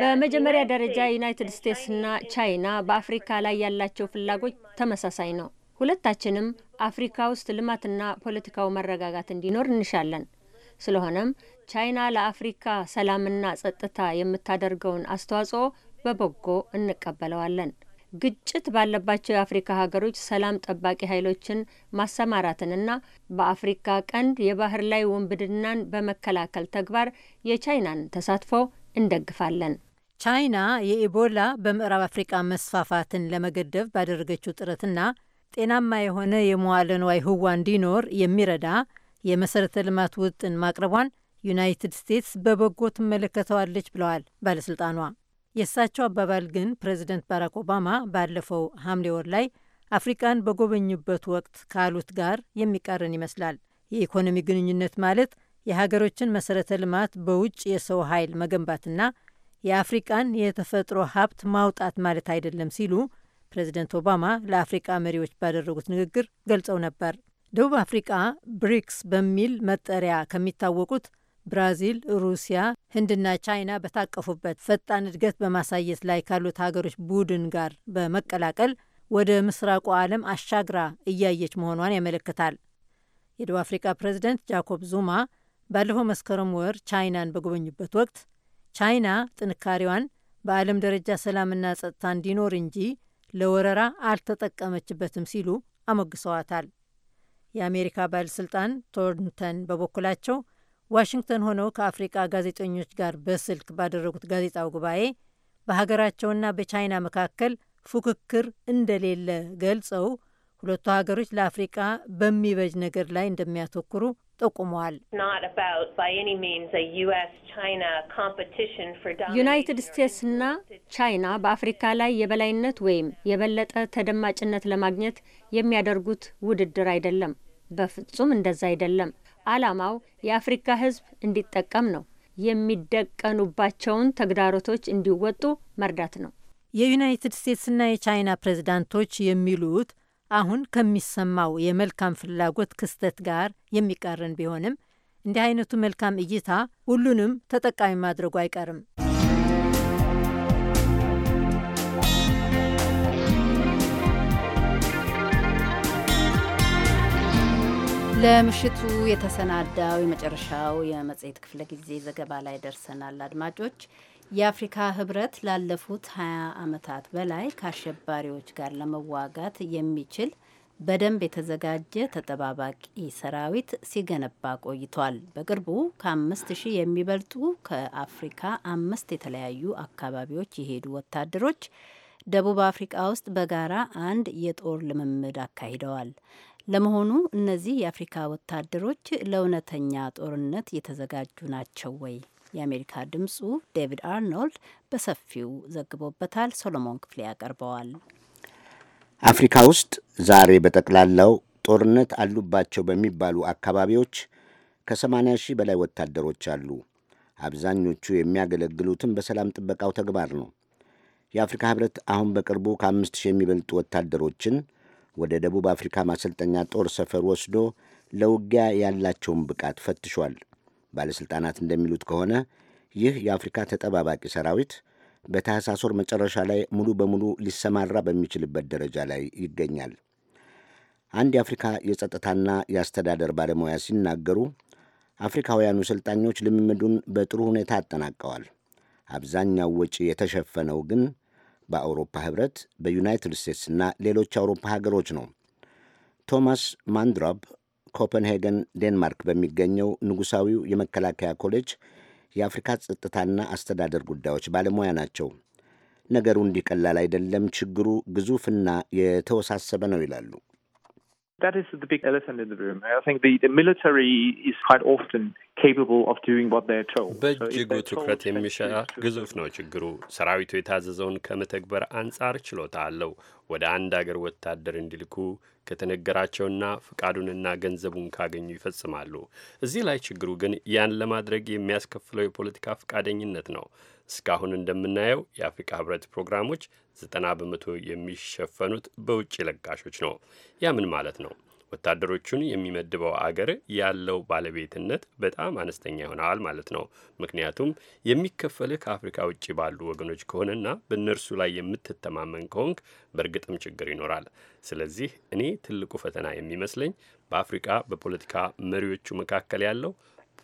በመጀመሪያ ደረጃ ዩናይትድ ስቴትስና ቻይና በአፍሪካ ላይ ያላቸው ፍላጎት ተመሳሳይ ነው። ሁለታችንም አፍሪካ ውስጥ ልማትና ፖለቲካው መረጋጋት እንዲኖር እንሻለን። ስለሆነም ቻይና ለአፍሪካ ሰላምና ጸጥታ የምታደርገውን አስተዋጽኦ በበጎ እንቀበለዋለን። ግጭት ባለባቸው የአፍሪካ ሀገሮች ሰላም ጠባቂ ኃይሎችን ማሰማራትንና በአፍሪካ ቀንድ የባህር ላይ ውንብድናን በመከላከል ተግባር የቻይናን ተሳትፎ እንደግፋለን። ቻይና የኢቦላ በምዕራብ አፍሪቃ መስፋፋትን ለመገደብ ባደረገችው ጥረትና ጤናማ የሆነ የመዋለ ንዋይ ህዋ እንዲኖር የሚረዳ የመሰረተ ልማት ውጥን ማቅረቧን ዩናይትድ ስቴትስ በበጎ ትመለከተዋለች ብለዋል ባለሥልጣኗ። የእሳቸው አባባል ግን ፕሬዚደንት ባራክ ኦባማ ባለፈው ሐምሌ ወር ላይ አፍሪቃን በጎበኙበት ወቅት ካሉት ጋር የሚቃረን ይመስላል። የኢኮኖሚ ግንኙነት ማለት የሀገሮችን መሰረተ ልማት በውጭ የሰው ኃይል መገንባትና የአፍሪቃን የተፈጥሮ ሀብት ማውጣት ማለት አይደለም ሲሉ ፕሬዚደንት ኦባማ ለአፍሪቃ መሪዎች ባደረጉት ንግግር ገልጸው ነበር። ደቡብ አፍሪቃ ብሪክስ በሚል መጠሪያ ከሚታወቁት ብራዚል፣ ሩሲያ፣ ህንድና ቻይና በታቀፉበት ፈጣን እድገት በማሳየት ላይ ካሉት ሀገሮች ቡድን ጋር በመቀላቀል ወደ ምስራቁ ዓለም አሻግራ እያየች መሆኗን ያመለክታል። የደቡብ አፍሪካ ፕሬዝደንት ጃኮብ ዙማ ባለፈው መስከረም ወር ቻይናን በጎበኙበት ወቅት ቻይና ጥንካሬዋን በዓለም ደረጃ ሰላምና ጸጥታ እንዲኖር እንጂ ለወረራ አልተጠቀመችበትም ሲሉ አሞግሰዋታል። የአሜሪካ ባለሥልጣን ቶርንተን በበኩላቸው ዋሽንግተን ሆነው ከአፍሪቃ ጋዜጠኞች ጋር በስልክ ባደረጉት ጋዜጣው ጉባኤ በሀገራቸውና በቻይና መካከል ፉክክር እንደሌለ ገልጸው ሁለቱ ሀገሮች ለአፍሪቃ በሚበጅ ነገር ላይ እንደሚያተኩሩ ጠቁመዋል። ዩናይትድ ስቴትስና ቻይና በአፍሪካ ላይ የበላይነት ወይም የበለጠ ተደማጭነት ለማግኘት የሚያደርጉት ውድድር አይደለም። በፍጹም እንደዛ አይደለም። ዓላማው የአፍሪካ ህዝብ እንዲጠቀም ነው። የሚደቀኑባቸውን ተግዳሮቶች እንዲወጡ መርዳት ነው። የዩናይትድ ስቴትስና የቻይና ፕሬዚዳንቶች የሚሉት አሁን ከሚሰማው የመልካም ፍላጎት ክስተት ጋር የሚቃረን ቢሆንም እንዲህ አይነቱ መልካም እይታ ሁሉንም ተጠቃሚ ማድረጉ አይቀርም። ለምሽቱ የተሰናዳው የመጨረሻው የመጽሔት ክፍለ ጊዜ ዘገባ ላይ ደርሰናል። አድማጮች የአፍሪካ ህብረት ላለፉት 20 ዓመታት በላይ ከአሸባሪዎች ጋር ለመዋጋት የሚችል በደንብ የተዘጋጀ ተጠባባቂ ሰራዊት ሲገነባ ቆይቷል። በቅርቡ ከአምስት ሺህ የሚበልጡ ከአፍሪካ አምስት የተለያዩ አካባቢዎች የሄዱ ወታደሮች ደቡብ አፍሪካ ውስጥ በጋራ አንድ የጦር ልምምድ አካሂደዋል። ለመሆኑ እነዚህ የአፍሪካ ወታደሮች ለእውነተኛ ጦርነት የተዘጋጁ ናቸው ወይ? የአሜሪካ ድምፁ ዴቪድ አርኖልድ በሰፊው ዘግቦበታል። ሶሎሞን ክፍሌ ያቀርበዋል። አፍሪካ ውስጥ ዛሬ በጠቅላላው ጦርነት አሉባቸው በሚባሉ አካባቢዎች ከ80 ሺህ በላይ ወታደሮች አሉ። አብዛኞቹ የሚያገለግሉትም በሰላም ጥበቃው ተግባር ነው። የአፍሪካ ህብረት አሁን በቅርቡ ከአምስት ሺህ የሚበልጡ ወታደሮችን ወደ ደቡብ አፍሪካ ማሰልጠኛ ጦር ሰፈር ወስዶ ለውጊያ ያላቸውን ብቃት ፈትሿል። ባለሥልጣናት እንደሚሉት ከሆነ ይህ የአፍሪካ ተጠባባቂ ሰራዊት በታህሳስ ወር መጨረሻ ላይ ሙሉ በሙሉ ሊሰማራ በሚችልበት ደረጃ ላይ ይገኛል። አንድ የአፍሪካ የጸጥታና የአስተዳደር ባለሙያ ሲናገሩ አፍሪካውያኑ ሰልጣኞች ልምምዱን በጥሩ ሁኔታ አጠናቀዋል። አብዛኛው ወጪ የተሸፈነው ግን በአውሮፓ ህብረት፣ በዩናይትድ እና ሌሎች አውሮፓ ሀገሮች ነው። ቶማስ ማንድራብ ኮፐንሄገን ዴንማርክ በሚገኘው ንጉሳዊው የመከላከያ ኮሌጅ የአፍሪካ ጸጥታና አስተዳደር ጉዳዮች ባለሙያ ናቸው። ነገሩ እንዲህ ቀላል አይደለም፣ ችግሩ ግዙፍና የተወሳሰበ ነው ይላሉ። that is the big elephant in the room. I think the, the military is quite often capable of doing what they're told. በእጅጉ ትኩረት የሚሻ ግዙፍ ነው ችግሩ። ሰራዊቱ የታዘዘውን ከመተግበር አንጻር ችሎታ አለው። ወደ አንድ አገር ወታደር እንዲልኩ ከተነገራቸውና ፍቃዱንና ገንዘቡን ካገኙ ይፈጽማሉ። እዚህ ላይ ችግሩ ግን ያን ለማድረግ የሚያስከፍለው የፖለቲካ ፈቃደኝነት ነው። እስካሁን እንደምናየው የአፍሪካ ህብረት ፕሮግራሞች ዘጠና በመቶ የሚሸፈኑት በውጭ ለጋሾች ነው። ያ ምን ማለት ነው? ወታደሮቹን የሚመድበው አገር ያለው ባለቤትነት በጣም አነስተኛ ይሆናል ማለት ነው። ምክንያቱም የሚከፈልህ ከአፍሪካ ውጭ ባሉ ወገኖች ከሆነና በእነርሱ ላይ የምትተማመን ከሆንክ በእርግጥም ችግር ይኖራል። ስለዚህ እኔ ትልቁ ፈተና የሚመስለኝ በአፍሪካ በፖለቲካ መሪዎቹ መካከል ያለው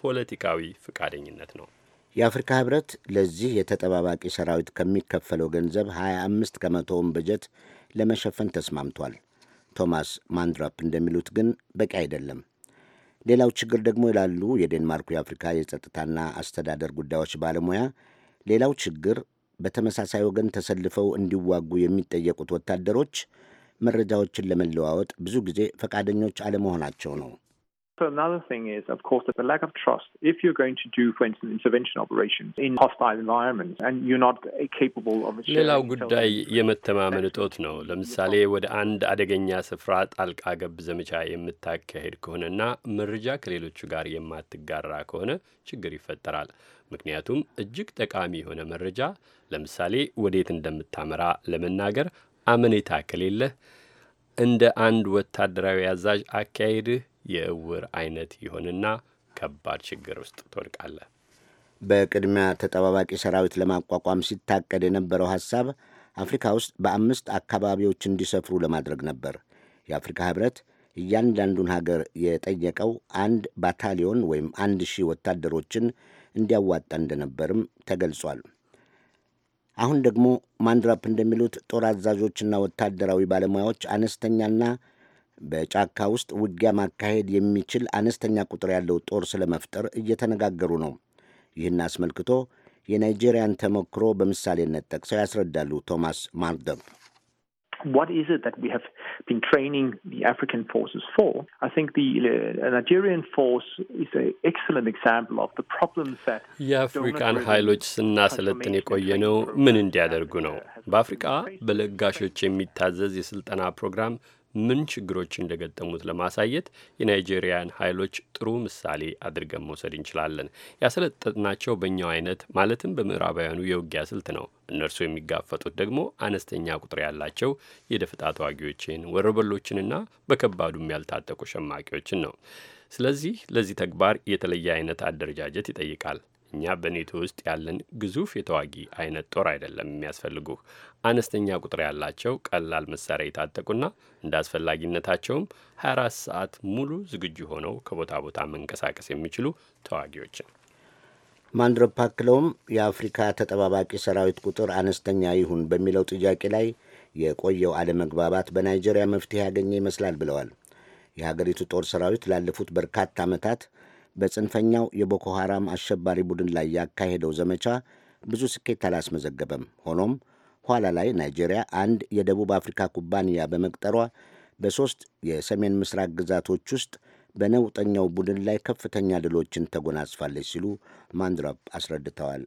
ፖለቲካዊ ፈቃደኝነት ነው። የአፍሪካ ህብረት ለዚህ የተጠባባቂ ሰራዊት ከሚከፈለው ገንዘብ 25 ከመቶውን በጀት ለመሸፈን ተስማምቷል። ቶማስ ማንድራፕ እንደሚሉት ግን በቂ አይደለም። ሌላው ችግር ደግሞ ይላሉ የዴንማርኩ የአፍሪካ የጸጥታና አስተዳደር ጉዳዮች ባለሙያ፣ ሌላው ችግር በተመሳሳይ ወገን ተሰልፈው እንዲዋጉ የሚጠየቁት ወታደሮች መረጃዎችን ለመለዋወጥ ብዙ ጊዜ ፈቃደኞች አለመሆናቸው ነው። So another thing is, of course, that the lack of trust. If you're going to do, for instance, intervention operations in hostile environments and you're not capable of ሌላው ጉዳይ የመተማመን እጦት ነው። ለምሳሌ ወደ አንድ አደገኛ ስፍራ ጣልቃ ገብ ዘመቻ የምታካሄድ ከሆነና መረጃ ከሌሎቹ ጋር የማትጋራ ከሆነ ችግር ይፈጠራል። ምክንያቱም እጅግ ጠቃሚ የሆነ መረጃ ለምሳሌ ወዴት እንደምታመራ ለመናገር አመኔታ ከሌለህ እንደ አንድ ወታደራዊ አዛዥ አካሄድህ የእውር አይነት ይሆንና ከባድ ችግር ውስጥ ትወድቃለ። በቅድሚያ ተጠባባቂ ሰራዊት ለማቋቋም ሲታቀድ የነበረው ሐሳብ አፍሪካ ውስጥ በአምስት አካባቢዎች እንዲሰፍሩ ለማድረግ ነበር። የአፍሪካ ህብረት እያንዳንዱን ሀገር የጠየቀው አንድ ባታሊዮን ወይም አንድ ሺህ ወታደሮችን እንዲያዋጣ እንደነበርም ተገልጿል። አሁን ደግሞ ማንድራፕ እንደሚሉት ጦር አዛዦችና ወታደራዊ ባለሙያዎች አነስተኛና በጫካ ውስጥ ውጊያ ማካሄድ የሚችል አነስተኛ ቁጥር ያለው ጦር ስለመፍጠር እየተነጋገሩ ነው። ይህን አስመልክቶ የናይጄሪያን ተሞክሮ በምሳሌነት ጠቅሰው ያስረዳሉ ቶማስ ማርደር። uh, የአፍሪካን ኃይሎች ስናሰለጥን የቆየነው ምን እንዲያደርጉ ነው? በአፍሪካ በለጋሾች የሚታዘዝ የስልጠና ፕሮግራም ምን ችግሮች እንደገጠሙት ለማሳየት የናይጄሪያን ኃይሎች ጥሩ ምሳሌ አድርገን መውሰድ እንችላለን። ያሰለጠጥናቸው በእኛው አይነት ማለትም በምዕራባውያኑ የውጊያ ስልት ነው። እነርሱ የሚጋፈጡት ደግሞ አነስተኛ ቁጥር ያላቸው የደፈጣ ተዋጊዎችን፣ ወረበሎችንና በከባዱም ያልታጠቁ ሸማቂዎችን ነው። ስለዚህ ለዚህ ተግባር የተለየ አይነት አደረጃጀት ይጠይቃል። እኛ በኔቶ ውስጥ ያለን ግዙፍ የተዋጊ አይነት ጦር አይደለም የሚያስፈልጉ አነስተኛ ቁጥር ያላቸው ቀላል መሳሪያ የታጠቁና እንደ አስፈላጊነታቸውም 24 ሰዓት ሙሉ ዝግጁ ሆነው ከቦታ ቦታ መንቀሳቀስ የሚችሉ ተዋጊዎችን። ማንድሮፕ አክለውም የአፍሪካ ተጠባባቂ ሰራዊት ቁጥር አነስተኛ ይሁን በሚለው ጥያቄ ላይ የቆየው አለመግባባት በናይጄሪያ መፍትሄ ያገኘ ይመስላል ብለዋል። የሀገሪቱ ጦር ሰራዊት ላለፉት በርካታ ዓመታት በጽንፈኛው የቦኮ ሐራም አሸባሪ ቡድን ላይ ያካሄደው ዘመቻ ብዙ ስኬት አላስመዘገበም። ሆኖም ኋላ ላይ ናይጄሪያ አንድ የደቡብ አፍሪካ ኩባንያ በመቅጠሯ በሦስት የሰሜን ምስራቅ ግዛቶች ውስጥ በነውጠኛው ቡድን ላይ ከፍተኛ ድሎችን ተጎናጽፋለች ሲሉ ማንድራፕ አስረድተዋል።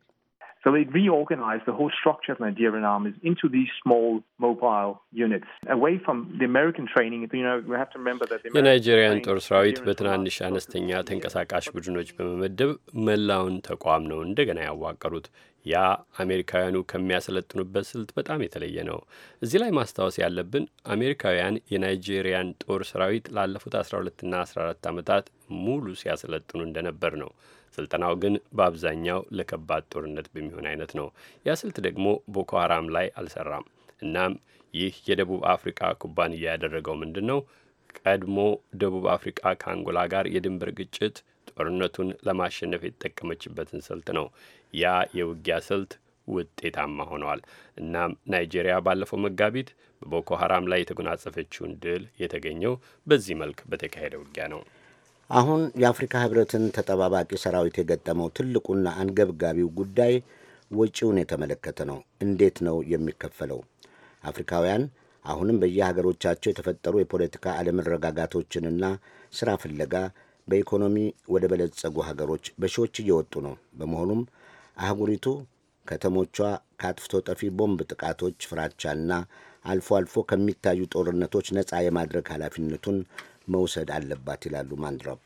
So it reorganized the whole structure of Nigerian armies into these small mobile units, away from the American training. You know, we have to remember that the የናይጄሪያን ጦር ሰራዊት በትናንሽ አነስተኛ ተንቀሳቃሽ ቡድኖች በመመደብ መላውን ተቋም ነው እንደገና ያዋቀሩት። ያ አሜሪካውያኑ ከሚያሰለጥኑበት ስልት በጣም የተለየ ነው። እዚህ ላይ ማስታወስ ያለብን አሜሪካውያን የናይጄሪያን ጦር ሰራዊት ላለፉት 12ና 14 ዓመታት ሙሉ ሲያሰለጥኑ እንደነበር ነው። ስልጠናው ግን በአብዛኛው ለከባድ ጦርነት በሚሆን አይነት ነው። ያ ስልት ደግሞ ቦኮ ሀራም ላይ አልሰራም። እናም ይህ የደቡብ አፍሪቃ ኩባንያ ያደረገው ምንድን ነው? ቀድሞ ደቡብ አፍሪቃ ከአንጎላ ጋር የድንበር ግጭት ጦርነቱን ለማሸነፍ የተጠቀመችበትን ስልት ነው። ያ የውጊያ ስልት ውጤታማ ሆነዋል። እናም ናይጄሪያ ባለፈው መጋቢት በቦኮ ሀራም ላይ የተጎናጸፈችውን ድል የተገኘው በዚህ መልክ በተካሄደ ውጊያ ነው። አሁን የአፍሪካ ህብረትን ተጠባባቂ ሰራዊት የገጠመው ትልቁና አንገብጋቢው ጉዳይ ወጪውን የተመለከተ ነው። እንዴት ነው የሚከፈለው? አፍሪካውያን አሁንም በየሀገሮቻቸው የተፈጠሩ የፖለቲካ አለመረጋጋቶችንና ስራ ፍለጋ በኢኮኖሚ ወደ በለጸጉ ሀገሮች በሺዎች እየወጡ ነው። በመሆኑም አህጉሪቱ ከተሞቿ ከአጥፍቶ ጠፊ ቦምብ ጥቃቶች ፍራቻና አልፎ አልፎ ከሚታዩ ጦርነቶች ነፃ የማድረግ ኃላፊነቱን መውሰድ አለባት ይላሉ ማንድሮፕ።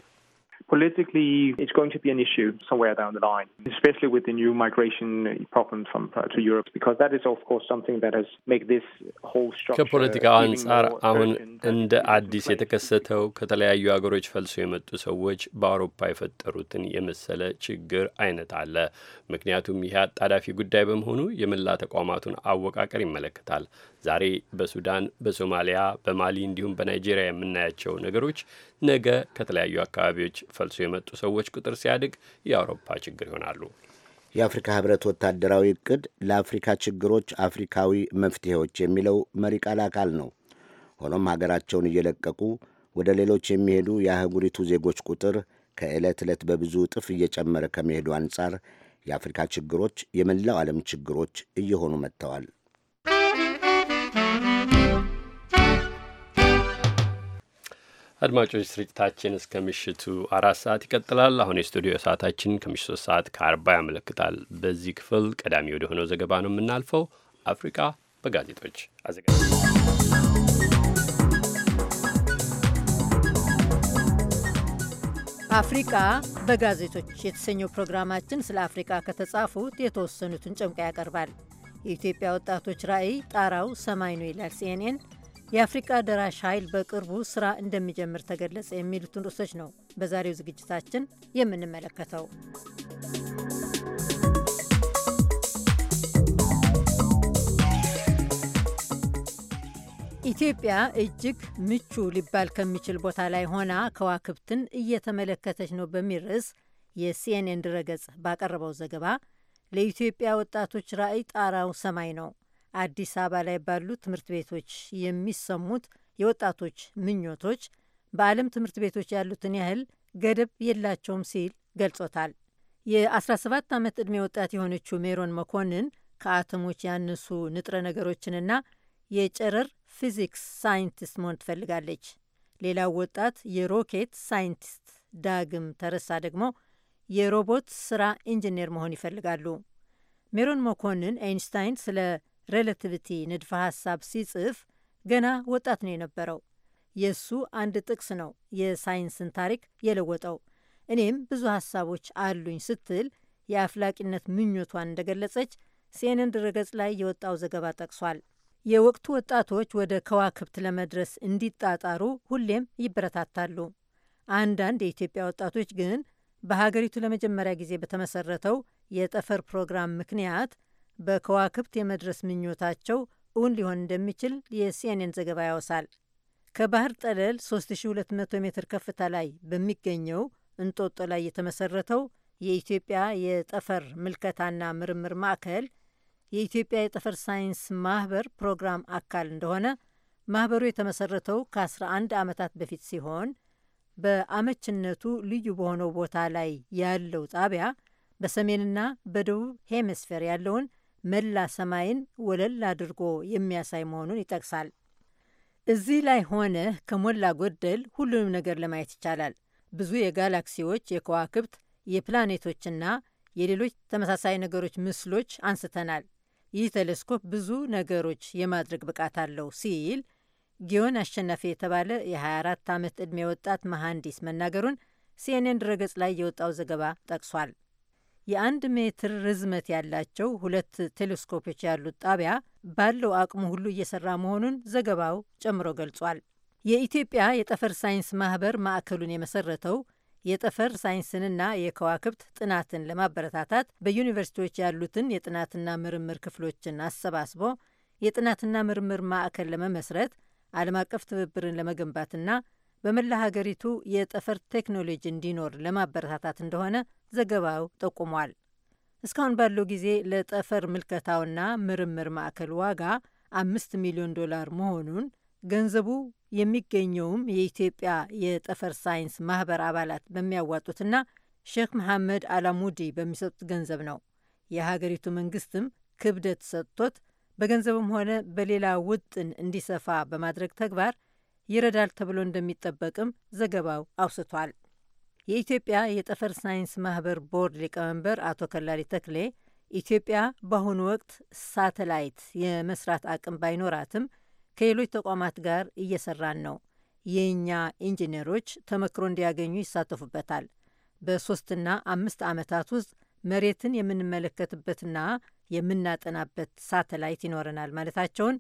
Politically, it's going to be an issue somewhere down the line, especially with the new migration problem from uh, to Europe, because that is, of course, something that has made this whole structure. ከፖለቲካ አንጻር አሁን እንደ አዲስ የተከሰተው ከተለያዩ ሀገሮች ፈልሶ የመጡ ሰዎች በአውሮፓ የፈጠሩትን የመሰለ ችግር አይነት አለ። ምክንያቱም ይህ አጣዳፊ ጉዳይ በመሆኑ የመላ ተቋማቱን አወቃቀር ይመለከታል። ዛሬ በሱዳን፣ በሶማሊያ፣ በማሊ እንዲሁም በናይጄሪያ የምናያቸው ነገሮች ነገ ከተለያዩ አካባቢዎች ፈልሶ የመጡ ሰዎች ቁጥር ሲያድግ የአውሮፓ ችግር ይሆናሉ። የአፍሪካ ህብረት ወታደራዊ እቅድ ለአፍሪካ ችግሮች አፍሪካዊ መፍትሄዎች የሚለው መሪ ቃል አካል ነው። ሆኖም ሀገራቸውን እየለቀቁ ወደ ሌሎች የሚሄዱ የአህጉሪቱ ዜጎች ቁጥር ከዕለት ዕለት በብዙ እጥፍ እየጨመረ ከመሄዱ አንጻር የአፍሪካ ችግሮች የመላው ዓለም ችግሮች እየሆኑ መጥተዋል። አድማጮች ስርጭታችን እስከ ምሽቱ አራት ሰዓት ይቀጥላል። አሁን የስቱዲዮ ሰዓታችን ከምሽቱ ሶስት ሰዓት ከአርባ ያመለክታል። በዚህ ክፍል ቀዳሚ ወደ ሆነው ዘገባ ነው የምናልፈው። አፍሪቃ በጋዜጦች አዘጋ አፍሪቃ በጋዜጦች የተሰኘው ፕሮግራማችን ስለ አፍሪቃ ከተጻፉት የተወሰኑትን ጨምቆ ያቀርባል። የኢትዮጵያ ወጣቶች ራዕይ ጣራው ሰማይ ነው ይላል ሲኤንኤን የአፍሪቃ ደራሽ ኃይል በቅርቡ ስራ እንደሚጀምር ተገለጸ የሚሉትን ርዕሶች ነው በዛሬው ዝግጅታችን የምንመለከተው። ኢትዮጵያ እጅግ ምቹ ሊባል ከሚችል ቦታ ላይ ሆና ከዋክብትን እየተመለከተች ነው በሚል ርዕስ የሲኤንኤን ድረገጽ ባቀረበው ዘገባ ለኢትዮጵያ ወጣቶች ራዕይ ጣራው ሰማይ ነው አዲስ አበባ ላይ ባሉ ትምህርት ቤቶች የሚሰሙት የወጣቶች ምኞቶች በዓለም ትምህርት ቤቶች ያሉትን ያህል ገደብ የላቸውም ሲል ገልጾታል። የ17 ዓመት ዕድሜ ወጣት የሆነችው ሜሮን መኮንን ከአተሞች ያነሱ ንጥረ ነገሮችንና የጨረር ፊዚክስ ሳይንቲስት መሆን ትፈልጋለች። ሌላው ወጣት የሮኬት ሳይንቲስት ዳግም ተረሳ ደግሞ የሮቦት ስራ ኢንጂነር መሆን ይፈልጋሉ። ሜሮን መኮንን አይንስታይን ስለ ሬሌቲቪቲ ንድፈ ሐሳብ ሲጽፍ ገና ወጣት ነው የነበረው። የእሱ አንድ ጥቅስ ነው የሳይንስን ታሪክ የለወጠው። እኔም ብዙ ሐሳቦች አሉኝ ስትል የአፍላቂነት ምኞቷን እንደገለጸች ሲኤንኤን ድረገጽ ላይ የወጣው ዘገባ ጠቅሷል። የወቅቱ ወጣቶች ወደ ከዋክብት ለመድረስ እንዲጣጣሩ ሁሌም ይበረታታሉ። አንዳንድ የኢትዮጵያ ወጣቶች ግን በሀገሪቱ ለመጀመሪያ ጊዜ በተመሰረተው የጠፈር ፕሮግራም ምክንያት በከዋክብት የመድረስ ምኞታቸው እውን ሊሆን እንደሚችል የሲኤንኤን ዘገባ ያወሳል። ከባህር ጠለል 3200 ሜትር ከፍታ ላይ በሚገኘው እንጦጦ ላይ የተመሰረተው የኢትዮጵያ የጠፈር ምልከታና ምርምር ማዕከል የኢትዮጵያ የጠፈር ሳይንስ ማህበር ፕሮግራም አካል እንደሆነ ማህበሩ የተመሰረተው ከ11 ዓመታት በፊት ሲሆን በአመችነቱ ልዩ በሆነው ቦታ ላይ ያለው ጣቢያ በሰሜንና በደቡብ ሄሚስፌር ያለውን መላ ሰማይን ወለል አድርጎ የሚያሳይ መሆኑን ይጠቅሳል። እዚህ ላይ ሆነ ከሞላ ጎደል ሁሉንም ነገር ለማየት ይቻላል። ብዙ የጋላክሲዎች፣ የከዋክብት፣ የፕላኔቶችና የሌሎች ተመሳሳይ ነገሮች ምስሎች አንስተናል። ይህ ቴሌስኮፕ ብዙ ነገሮች የማድረግ ብቃት አለው ሲል ጊዮን አሸናፊ የተባለ የ24 ዓመት ዕድሜ ወጣት መሐንዲስ መናገሩን ሲኤንኤን ድረገጽ ላይ የወጣው ዘገባ ጠቅሷል። የአንድ ሜትር ርዝመት ያላቸው ሁለት ቴሌስኮፖች ያሉት ጣቢያ ባለው አቅሙ ሁሉ እየሰራ መሆኑን ዘገባው ጨምሮ ገልጿል። የኢትዮጵያ የጠፈር ሳይንስ ማህበር ማዕከሉን የመሰረተው የጠፈር ሳይንስንና የከዋክብት ጥናትን ለማበረታታት በዩኒቨርሲቲዎች ያሉትን የጥናትና ምርምር ክፍሎችን አሰባስቦ የጥናትና ምርምር ማዕከል ለመመስረት ዓለም አቀፍ ትብብርን ለመገንባትና በመላ ሀገሪቱ የጠፈር ቴክኖሎጂ እንዲኖር ለማበረታታት እንደሆነ ዘገባው ጠቁሟል። እስካሁን ባለው ጊዜ ለጠፈር ምልከታውና ምርምር ማዕከል ዋጋ አምስት ሚሊዮን ዶላር መሆኑን ገንዘቡ የሚገኘውም የኢትዮጵያ የጠፈር ሳይንስ ማህበር አባላት በሚያዋጡትና ሼክ መሐመድ አላሙዲ በሚሰጡት ገንዘብ ነው። የሀገሪቱ መንግስትም ክብደት ሰጥቶት በገንዘብም ሆነ በሌላ ውጥን እንዲሰፋ በማድረግ ተግባር ይረዳል ተብሎ እንደሚጠበቅም ዘገባው አውስቷል። የኢትዮጵያ የጠፈር ሳይንስ ማህበር ቦርድ ሊቀመንበር አቶ ከላሊ ተክሌ ኢትዮጵያ በአሁኑ ወቅት ሳተላይት የመስራት አቅም ባይኖራትም ከሌሎች ተቋማት ጋር እየሰራን ነው። የእኛ ኢንጂነሮች ተመክሮ እንዲያገኙ ይሳተፉበታል። በሶስትና አምስት ዓመታት ውስጥ መሬትን የምንመለከትበትና የምናጠናበት ሳተላይት ይኖረናል ማለታቸውን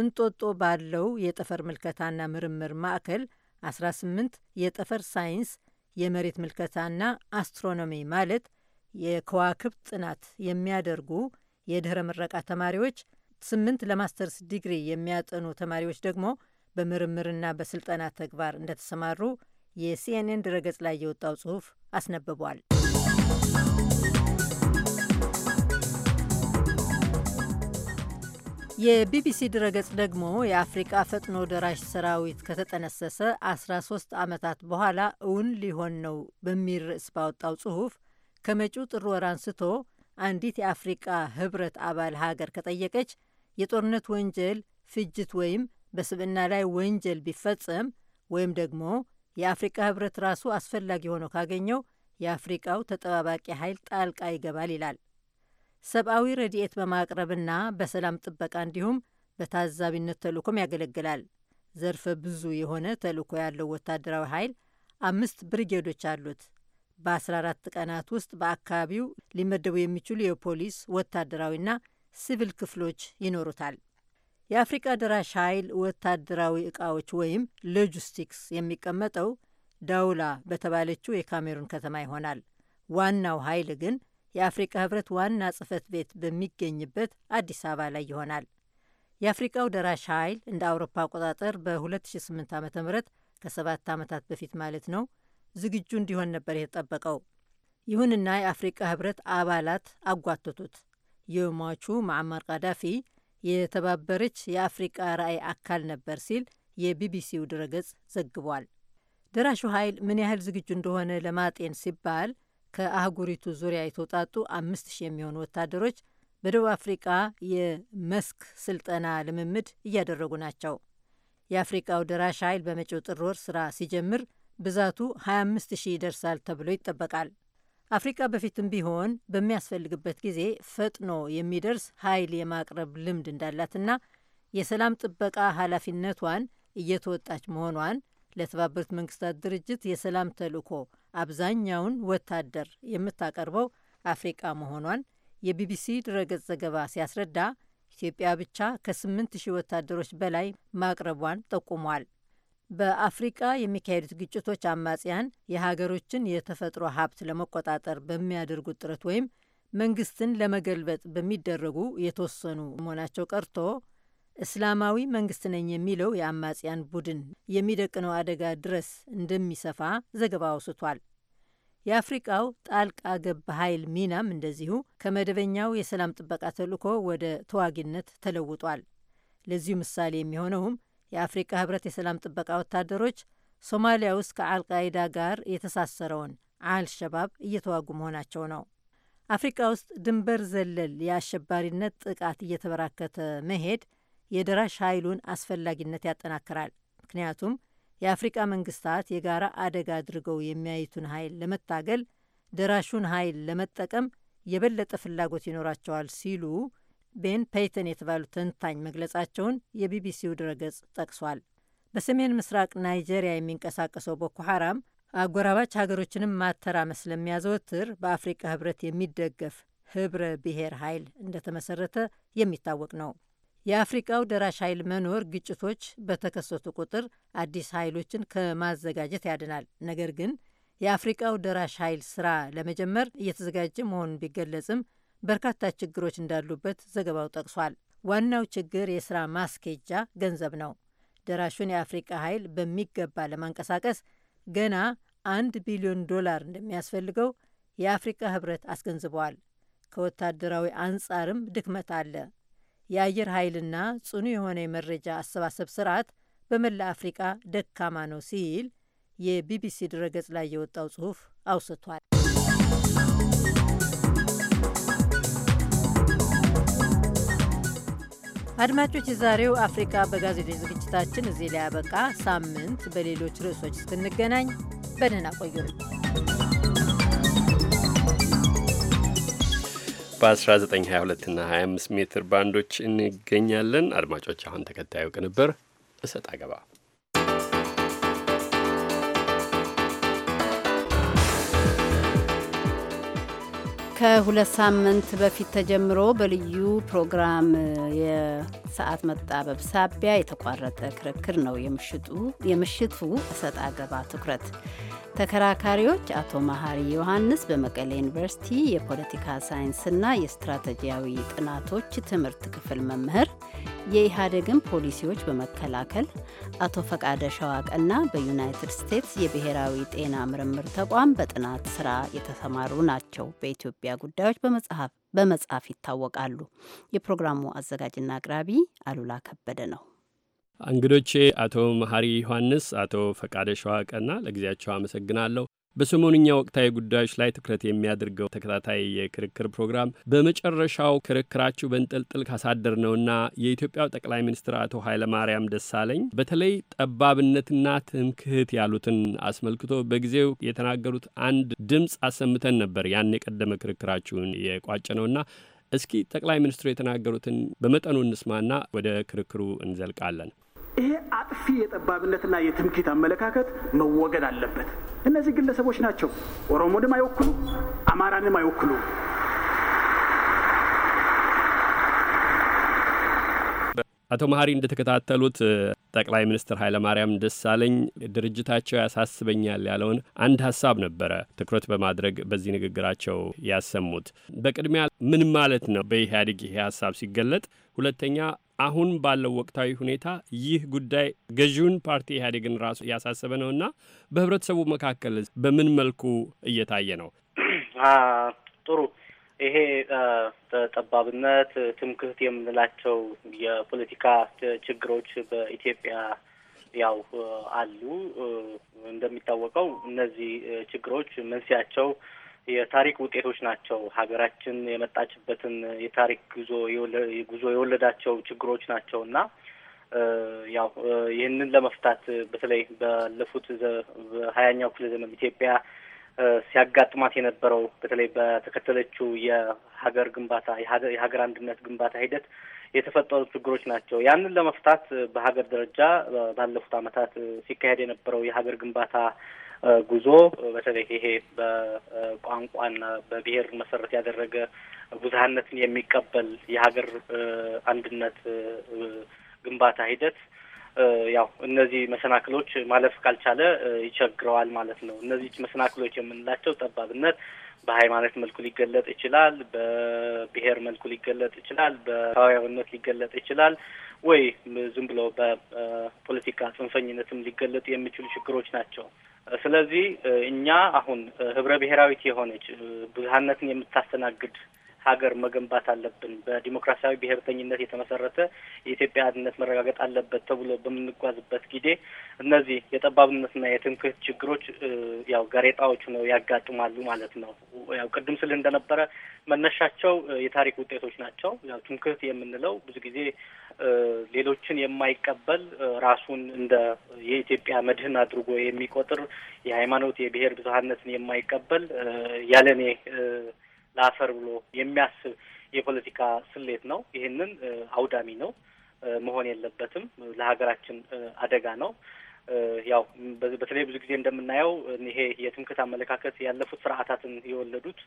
እንጦጦ ባለው የጠፈር ምልከታና ምርምር ማዕከል 18 የጠፈር ሳይንስ፣ የመሬት ምልከታና አስትሮኖሚ ማለት የከዋክብት ጥናት የሚያደርጉ የድኅረ ምረቃ ተማሪዎች፣ ስምንት ለማስተርስ ዲግሪ የሚያጠኑ ተማሪዎች ደግሞ በምርምርና በስልጠና ተግባር እንደተሰማሩ የሲኤንኤን ድረገጽ ላይ የወጣው ጽሑፍ አስነብቧል። የቢቢሲ ድረገጽ ደግሞ የአፍሪቃ ፈጥኖ ደራሽ ሰራዊት ከተጠነሰሰ 13 ዓመታት በኋላ እውን ሊሆን ነው በሚል ርዕስ ባወጣው ጽሑፍ ከመጪው ጥር ወር አንስቶ አንዲት የአፍሪቃ ህብረት አባል ሀገር ከጠየቀች የጦርነት ወንጀል፣ ፍጅት ወይም በስብዕና ላይ ወንጀል ቢፈጸም ወይም ደግሞ የአፍሪቃ ህብረት ራሱ አስፈላጊ ሆኖ ካገኘው የአፍሪቃው ተጠባባቂ ኃይል ጣልቃ ይገባል ይላል። ሰብአዊ ረድኤት በማቅረብና በሰላም ጥበቃ እንዲሁም በታዛቢነት ተልእኮም ያገለግላል። ዘርፈ ብዙ የሆነ ተልእኮ ያለው ወታደራዊ ኃይል አምስት ብሪጌዶች አሉት። በ14 ቀናት ውስጥ በአካባቢው ሊመደቡ የሚችሉ የፖሊስ ወታደራዊና ሲቪል ክፍሎች ይኖሩታል። የአፍሪቃ ደራሽ ኃይል ወታደራዊ ዕቃዎች ወይም ሎጂስቲክስ የሚቀመጠው ዳውላ በተባለችው የካሜሩን ከተማ ይሆናል። ዋናው ኃይል ግን የአፍሪካ ህብረት ዋና ጽህፈት ቤት በሚገኝበት አዲስ አበባ ላይ ይሆናል። የአፍሪቃው ደራሽ ኃይል እንደ አውሮፓ አቆጣጠር በ2008 ዓ ም ከሰባት ዓመታት በፊት ማለት ነው ዝግጁ እንዲሆን ነበር የተጠበቀው። ይሁንና የአፍሪቃ ህብረት አባላት አጓተቱት። የሟቹ ማዕማር ቃዳፊ የተባበረች የአፍሪቃ ራዕይ አካል ነበር ሲል የቢቢሲው ድረገጽ ዘግቧል። ደራሹ ኃይል ምን ያህል ዝግጁ እንደሆነ ለማጤን ሲባል ከአህጉሪቱ ዙሪያ የተውጣጡ አምስት ሺህ የሚሆኑ ወታደሮች በደቡብ አፍሪቃ የመስክ ስልጠና ልምምድ እያደረጉ ናቸው። የአፍሪቃው ደራሽ ኃይል በመጪው ጥር ወር ስራ ሲጀምር ብዛቱ 25 ሺህ ይደርሳል ተብሎ ይጠበቃል። አፍሪቃ በፊትም ቢሆን በሚያስፈልግበት ጊዜ ፈጥኖ የሚደርስ ኃይል የማቅረብ ልምድ እንዳላትና የሰላም ጥበቃ ኃላፊነቷን እየተወጣች መሆኗን ለተባበሩት መንግስታት ድርጅት የሰላም ተልዕኮ አብዛኛውን ወታደር የምታቀርበው አፍሪቃ መሆኗን የቢቢሲ ድረገጽ ዘገባ ሲያስረዳ ኢትዮጵያ ብቻ ከስምንት ሺህ ወታደሮች በላይ ማቅረቧን ጠቁሟል። በአፍሪቃ የሚካሄዱት ግጭቶች አማጽያን የሀገሮችን የተፈጥሮ ሀብት ለመቆጣጠር በሚያደርጉት ጥረት ወይም መንግስትን ለመገልበጥ በሚደረጉ የተወሰኑ መሆናቸው ቀርቶ እስላማዊ መንግስት ነኝ የሚለው የአማጽያን ቡድን የሚደቅነው አደጋ ድረስ እንደሚሰፋ ዘገባ አውስቷል። የአፍሪቃው ጣልቃ ገብ ኃይል ሚናም እንደዚሁ ከመደበኛው የሰላም ጥበቃ ተልእኮ ወደ ተዋጊነት ተለውጧል። ለዚሁ ምሳሌ የሚሆነውም የአፍሪቃ ህብረት የሰላም ጥበቃ ወታደሮች ሶማሊያ ውስጥ ከአልቃይዳ ጋር የተሳሰረውን አልሸባብ እየተዋጉ መሆናቸው ነው። አፍሪቃ ውስጥ ድንበር ዘለል የአሸባሪነት ጥቃት እየተበራከተ መሄድ የደራሽ ኃይሉን አስፈላጊነት ያጠናክራል። ምክንያቱም የአፍሪቃ መንግስታት የጋራ አደጋ አድርገው የሚያዩትን ኃይል ለመታገል ደራሹን ኃይል ለመጠቀም የበለጠ ፍላጎት ይኖራቸዋል ሲሉ ቤን ፔይተን የተባሉ ተንታኝ መግለጻቸውን የቢቢሲው ድረገጽ ጠቅሷል። በሰሜን ምስራቅ ናይጄሪያ የሚንቀሳቀሰው ቦኮ ሐራም አጎራባች ሀገሮችንም ማተራመስ ስለሚያዘወትር በአፍሪቃ ህብረት የሚደገፍ ህብረ ብሔር ኃይል እንደተመሰረተ የሚታወቅ ነው። የአፍሪቃው ደራሽ ኃይል መኖር ግጭቶች በተከሰቱ ቁጥር አዲስ ኃይሎችን ከማዘጋጀት ያድናል። ነገር ግን የአፍሪቃው ደራሽ ኃይል ስራ ለመጀመር እየተዘጋጀ መሆኑን ቢገለጽም በርካታ ችግሮች እንዳሉበት ዘገባው ጠቅሷል። ዋናው ችግር የስራ ማስኬጃ ገንዘብ ነው። ደራሹን የአፍሪቃ ኃይል በሚገባ ለማንቀሳቀስ ገና አንድ ቢሊዮን ዶላር እንደሚያስፈልገው የአፍሪቃ ህብረት አስገንዝበዋል። ከወታደራዊ አንጻርም ድክመት አለ የአየር ኃይልና ጽኑ የሆነ የመረጃ አሰባሰብ ስርዓት በመላ አፍሪቃ ደካማ ነው ሲል የቢቢሲ ድረገጽ ላይ የወጣው ጽሑፍ አውስቷል። አድማጮች፣ የዛሬው አፍሪካ በጋዜጦች ዝግጅታችን እዚህ ላይ ያበቃ። ሳምንት በሌሎች ርዕሶች እስክንገናኝ በደህና ቆዩ። በ1922 እና 25 ሜትር ባንዶች እንገኛለን። አድማጮች አሁን ተከታዩ ቅንብር እሰጥ አገባ ከሁለት ሳምንት በፊት ተጀምሮ በልዩ ፕሮግራም የሰዓት መጣበብ ሳቢያ የተቋረጠ ክርክር ነው የምሽቱ እሰጥ አገባ ትኩረት። ተከራካሪዎች አቶ መሀሪ ዮሐንስ በመቀሌ ዩኒቨርሲቲ የፖለቲካ ሳይንስና የስትራቴጂያዊ ጥናቶች ትምህርት ክፍል መምህር፣ የኢህአዴግን ፖሊሲዎች በመከላከል አቶ ፈቃደ ሸዋቀና በዩናይትድ ስቴትስ የብሔራዊ ጤና ምርምር ተቋም በጥናት ስራ የተሰማሩ ናቸው። በኢትዮጵያ ጉዳዮች በመጽሐፍ ይታወቃሉ። የፕሮግራሙ አዘጋጅና አቅራቢ አሉላ ከበደ ነው። እንግዶቼ አቶ መሐሪ ዮሐንስ፣ አቶ ፈቃደ ሸዋቀና ለጊዜያቸው አመሰግናለሁ። በሰሞንኛ ወቅታዊ ጉዳዮች ላይ ትኩረት የሚያደርገው ተከታታይ የክርክር ፕሮግራም በመጨረሻው ክርክራችሁ በንጥልጥል ካሳደር ነውና የኢትዮጵያው ጠቅላይ ሚኒስትር አቶ ኃይለማርያም ደሳለኝ በተለይ ጠባብነትና ትምክህት ያሉትን አስመልክቶ በጊዜው የተናገሩት አንድ ድምፅ አሰምተን ነበር። ያን የቀደመ ክርክራችሁን የቋጭ ነውና እስኪ ጠቅላይ ሚኒስትሩ የተናገሩትን በመጠኑ እንስማና ወደ ክርክሩ እንዘልቃለን። ይሄ አጥፊ የጠባብነትና የትምክህት አመለካከት መወገድ አለበት። እነዚህ ግለሰቦች ናቸው ኦሮሞንም አይወክሉ፣ አማራንም አይወክሉ። አቶ መሀሪ እንደተከታተሉት ጠቅላይ ሚኒስትር ኃይለማርያም ደሳለኝ ድርጅታቸው ያሳስበኛል ያለውን አንድ ሀሳብ ነበረ ትኩረት በማድረግ በዚህ ንግግራቸው ያሰሙት። በቅድሚያ ምን ማለት ነው በኢህአዴግ ይሄ ሀሳብ ሲገለጥ፣ ሁለተኛ አሁን ባለው ወቅታዊ ሁኔታ ይህ ጉዳይ ገዢውን ፓርቲ ኢህአዴግን ራሱ እያሳሰበ ነው እና በህብረተሰቡ መካከል በምን መልኩ እየታየ ነው? ጥሩ። ይሄ ጠባብነት፣ ትምክህት የምንላቸው የፖለቲካ ችግሮች በኢትዮጵያ ያው አሉ። እንደሚታወቀው እነዚህ ችግሮች መንስያቸው የታሪክ ውጤቶች ናቸው። ሀገራችን የመጣችበትን የታሪክ ጉዞ ጉዞ የወለዳቸው ችግሮች ናቸው እና ያው ይህንን ለመፍታት በተለይ ባለፉት ሀያኛው ክፍለ ዘመን ኢትዮጵያ ሲያጋጥማት የነበረው በተለይ በተከተለችው የሀገር ግንባታ የሀገር አንድነት ግንባታ ሂደት የተፈጠሩ ችግሮች ናቸው። ያንን ለመፍታት በሀገር ደረጃ ባለፉት ዓመታት ሲካሄድ የነበረው የሀገር ግንባታ ጉዞ በተለይ ይሄ በቋንቋና በብሔር መሰረት ያደረገ ብዙሀነትን የሚቀበል የሀገር አንድነት ግንባታ ሂደት ያው እነዚህ መሰናክሎች ማለፍ ካልቻለ ይቸግረዋል ማለት ነው። እነዚህ መሰናክሎች የምንላቸው ጠባብነት በሃይማኖት መልኩ ሊገለጥ ይችላል። በብሔር መልኩ ሊገለጥ ይችላል። በሰብአዊነት ሊገለጥ ይችላል ወይ ዝም ብሎ በፖለቲካ ጽንፈኝነትም ሊገለጥ የሚችሉ ችግሮች ናቸው። ስለዚህ እኛ አሁን ህብረ ብሔራዊት የሆነች ብዝሀነትን የምታስተናግድ ሀገር መገንባት አለብን፣ በዲሞክራሲያዊ ብሔርተኝነት የተመሰረተ የኢትዮጵያ አንድነት መረጋገጥ አለበት ተብሎ በምንጓዝበት ጊዜ እነዚህ የጠባብነትና የትምክህት ችግሮች ያው ጋሬጣዎች ነው ያጋጥማሉ ማለት ነው። ያው ቅድም ስል እንደነበረ መነሻቸው የታሪክ ውጤቶች ናቸው። ያው ትምክህት የምንለው ብዙ ጊዜ ሌሎችን የማይቀበል ራሱን እንደ የኢትዮጵያ መድህን አድርጎ የሚቆጥር የሃይማኖት የብሔር ብዙሀነትን የማይቀበል ያለኔ ለአፈር ብሎ የሚያስብ የፖለቲካ ስሌት ነው። ይህንን አውዳሚ ነው፣ መሆን የለበትም። ለሀገራችን አደጋ ነው። ያው በተለይ ብዙ ጊዜ እንደምናየው ይሄ የትምክህት አመለካከት ያለፉት ስርዓታትን የወለዱት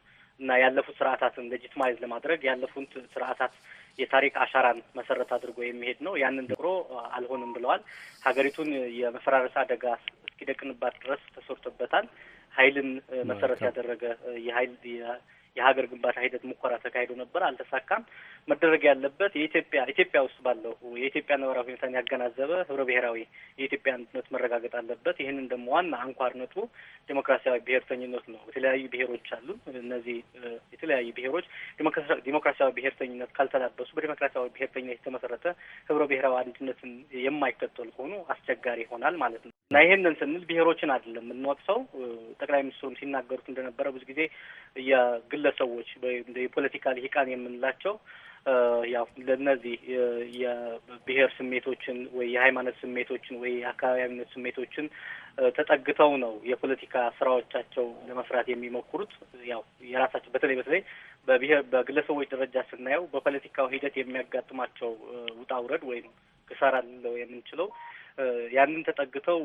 እና ያለፉት ስርዓታትን ሌጂትማይዝ ለማድረግ ያለፉት ስርዓታት የታሪክ አሻራን መሰረት አድርጎ የሚሄድ ነው። ያንን ደግሞ አልሆንም ብለዋል። ሀገሪቱን የመፈራረስ አደጋ እስኪደቅንባት ድረስ ተሰርቶበታል። ኃይልን መሰረት ያደረገ የኃይል የሀገር ግንባታ ሂደት ሙከራ ተካሂዶ ነበር፣ አልተሳካም። መደረግ ያለበት የኢትዮጵያ ኢትዮጵያ ውስጥ ባለው የኢትዮጵያ ነባራዊ ሁኔታን ያገናዘበ ህብረ ብሔራዊ የኢትዮጵያ አንድነት መረጋገጥ አለበት። ይህንን ደግሞ ዋና አንኳር ዲሞክራሲያዊ ዴሞክራሲያዊ ብሔርተኝነት ነው። የተለያዩ ብሔሮች አሉ። እነዚህ የተለያዩ ብሔሮች ዴሞክራሲያዊ ብሔርተኝነት ካልተላበሱ በዴሞክራሲያዊ ብሔርተኝነት የተመሰረተ ህብረ ብሔራዊ አንድነትን የማይከተሉ ከሆኑ አስቸጋሪ ይሆናል ማለት ነው እና ይህንን ስንል ብሔሮችን አይደለም የምንወቅሰው። ጠቅላይ ሚኒስትሩም ሲናገሩት እንደነበረ ብዙ ጊዜ የግል ግለሰቦች የፖለቲካ ልሂቃን የምንላቸው ያው ለእነዚህ የብሔር ስሜቶችን ወይ የሃይማኖት ስሜቶችን ወይ የአካባቢነት ስሜቶችን ተጠግተው ነው የፖለቲካ ስራዎቻቸው ለመስራት የሚሞክሩት። ያው የራሳቸው በተለይ በተለይ በብሔር በግለሰቦች ደረጃ ስናየው በፖለቲካው ሂደት የሚያጋጥማቸው ውጣ ውረድ ወይም ክሳራ ለው የምንችለው ያንን ተጠግተው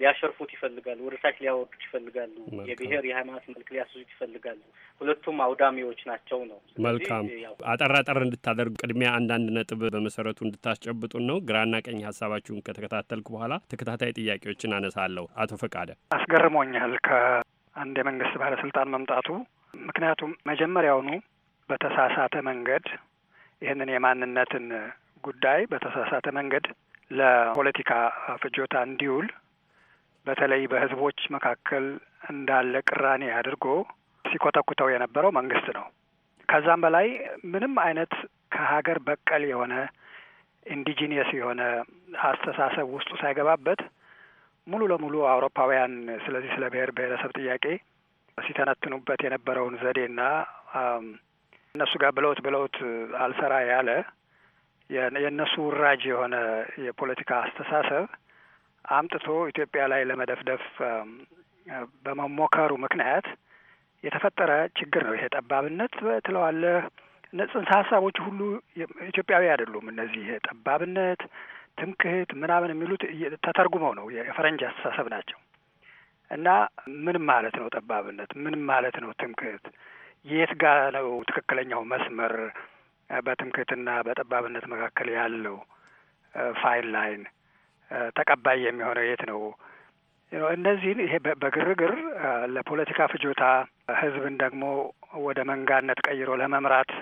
ሊያሸርፉት ይፈልጋሉ፣ ወደ ታች ሊያወርዱት ይፈልጋሉ። የብሔር የሃይማኖት መልክ ሊያስዙት ይፈልጋሉ። ሁለቱም አውዳሚዎች ናቸው ነው። መልካም አጠር አጠር እንድታደርጉ ቅድሚያ አንዳንድ ነጥብ በመሰረቱ እንድታስጨብጡን ነው። ግራና ቀኝ ሀሳባችሁን ከተከታተልኩ በኋላ ተከታታይ ጥያቄዎችን አነሳለሁ። አቶ ፈቃደ አስገርሞኛል ከአንድ የመንግስት ባለስልጣን መምጣቱ። ምክንያቱም መጀመሪያውኑ በተሳሳተ መንገድ ይህንን የማንነትን ጉዳይ በተሳሳተ መንገድ ለፖለቲካ ፍጆታ እንዲውል በተለይ በህዝቦች መካከል እንዳለ ቅራኔ አድርጎ ሲኮተኩተው የነበረው መንግስት ነው። ከዛም በላይ ምንም አይነት ከሀገር በቀል የሆነ ኢንዲጂኒየስ የሆነ አስተሳሰብ ውስጡ ሳይገባበት ሙሉ ለሙሉ አውሮፓውያን ስለዚህ ስለ ብሔር ብሔረሰብ ጥያቄ ሲተነትኑበት የነበረውን ዘዴና እነሱ ጋር ብለውት ብለውት አልሰራ ያለ የእነሱ ውራጅ የሆነ የፖለቲካ አስተሳሰብ አምጥቶ ኢትዮጵያ ላይ ለመደፍደፍ በመሞከሩ ምክንያት የተፈጠረ ችግር ነው። ይሄ ጠባብነት ትለዋለህ። ጽንሰ ሀሳቦች ሁሉ ኢትዮጵያዊ አይደሉም። እነዚህ ጠባብነት፣ ትምክህት ምናምን የሚሉት ተተርጉመው ነው የፈረንጅ አስተሳሰብ ናቸው። እና ምን ማለት ነው ጠባብነት? ምን ማለት ነው ትምክህት? የት ጋ ነው ትክክለኛው መስመር? በትምክህትና በጠባብነት መካከል ያለው ፋይል ላይን ተቀባይ የሚሆነው የት ነው? እነዚህን ይሄ በግርግር ለፖለቲካ ፍጆታ ህዝብን ደግሞ ወደ መንጋነት ቀይሮ ለመምራት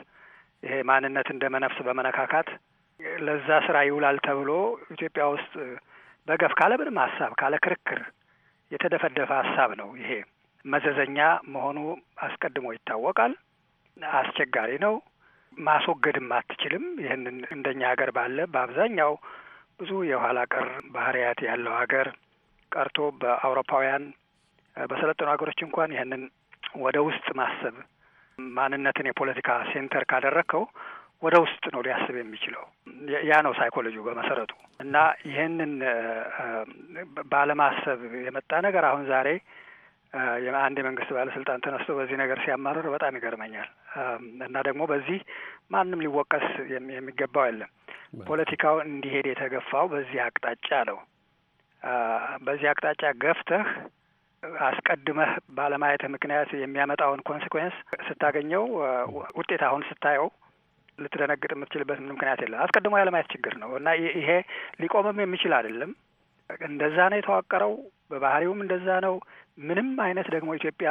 ይሄ ማንነት እንደ መነፍስ በመነካካት ለዛ ስራ ይውላል ተብሎ ኢትዮጵያ ውስጥ በገፍ ካለ ምንም ሀሳብ ካለ ክርክር የተደፈደፈ ሀሳብ ነው። ይሄ መዘዘኛ መሆኑ አስቀድሞ ይታወቃል። አስቸጋሪ ነው። ማስወገድም አትችልም። ይህንን እንደኛ ሀገር ባለ በአብዛኛው ብዙ የኋላ ቀር ባህሪያት ያለው ሀገር ቀርቶ በአውሮፓውያን በሰለጠኑ ሀገሮች እንኳን ይህንን ወደ ውስጥ ማሰብ ማንነትን የፖለቲካ ሴንተር ካደረግከው ወደ ውስጥ ነው ሊያስብ የሚችለው። ያ ነው ሳይኮሎጂ በመሰረቱ እና ይህንን ባለማሰብ የመጣ ነገር አሁን ዛሬ አንድ የመንግስት ባለስልጣን ተነስቶ በዚህ ነገር ሲያማርር በጣም ይገርመኛል። እና ደግሞ በዚህ ማንም ሊወቀስ የሚገባው የለም። ፖለቲካው እንዲሄድ የተገፋው በዚህ አቅጣጫ ነው። በዚህ አቅጣጫ ገፍተህ አስቀድመህ ባለማየት ምክንያት የሚያመጣውን ኮንስኩዌንስ ስታገኘው ውጤት አሁን ስታየው ልትደነግጥ የምትችልበት ምንም ምክንያት የለም። አስቀድሞ ያለማየት ችግር ነው እና ይሄ ሊቆምም የሚችል አይደለም። እንደዛ ነው የተዋቀረው። በባህሪውም እንደዛ ነው። ምንም አይነት ደግሞ ኢትዮጵያ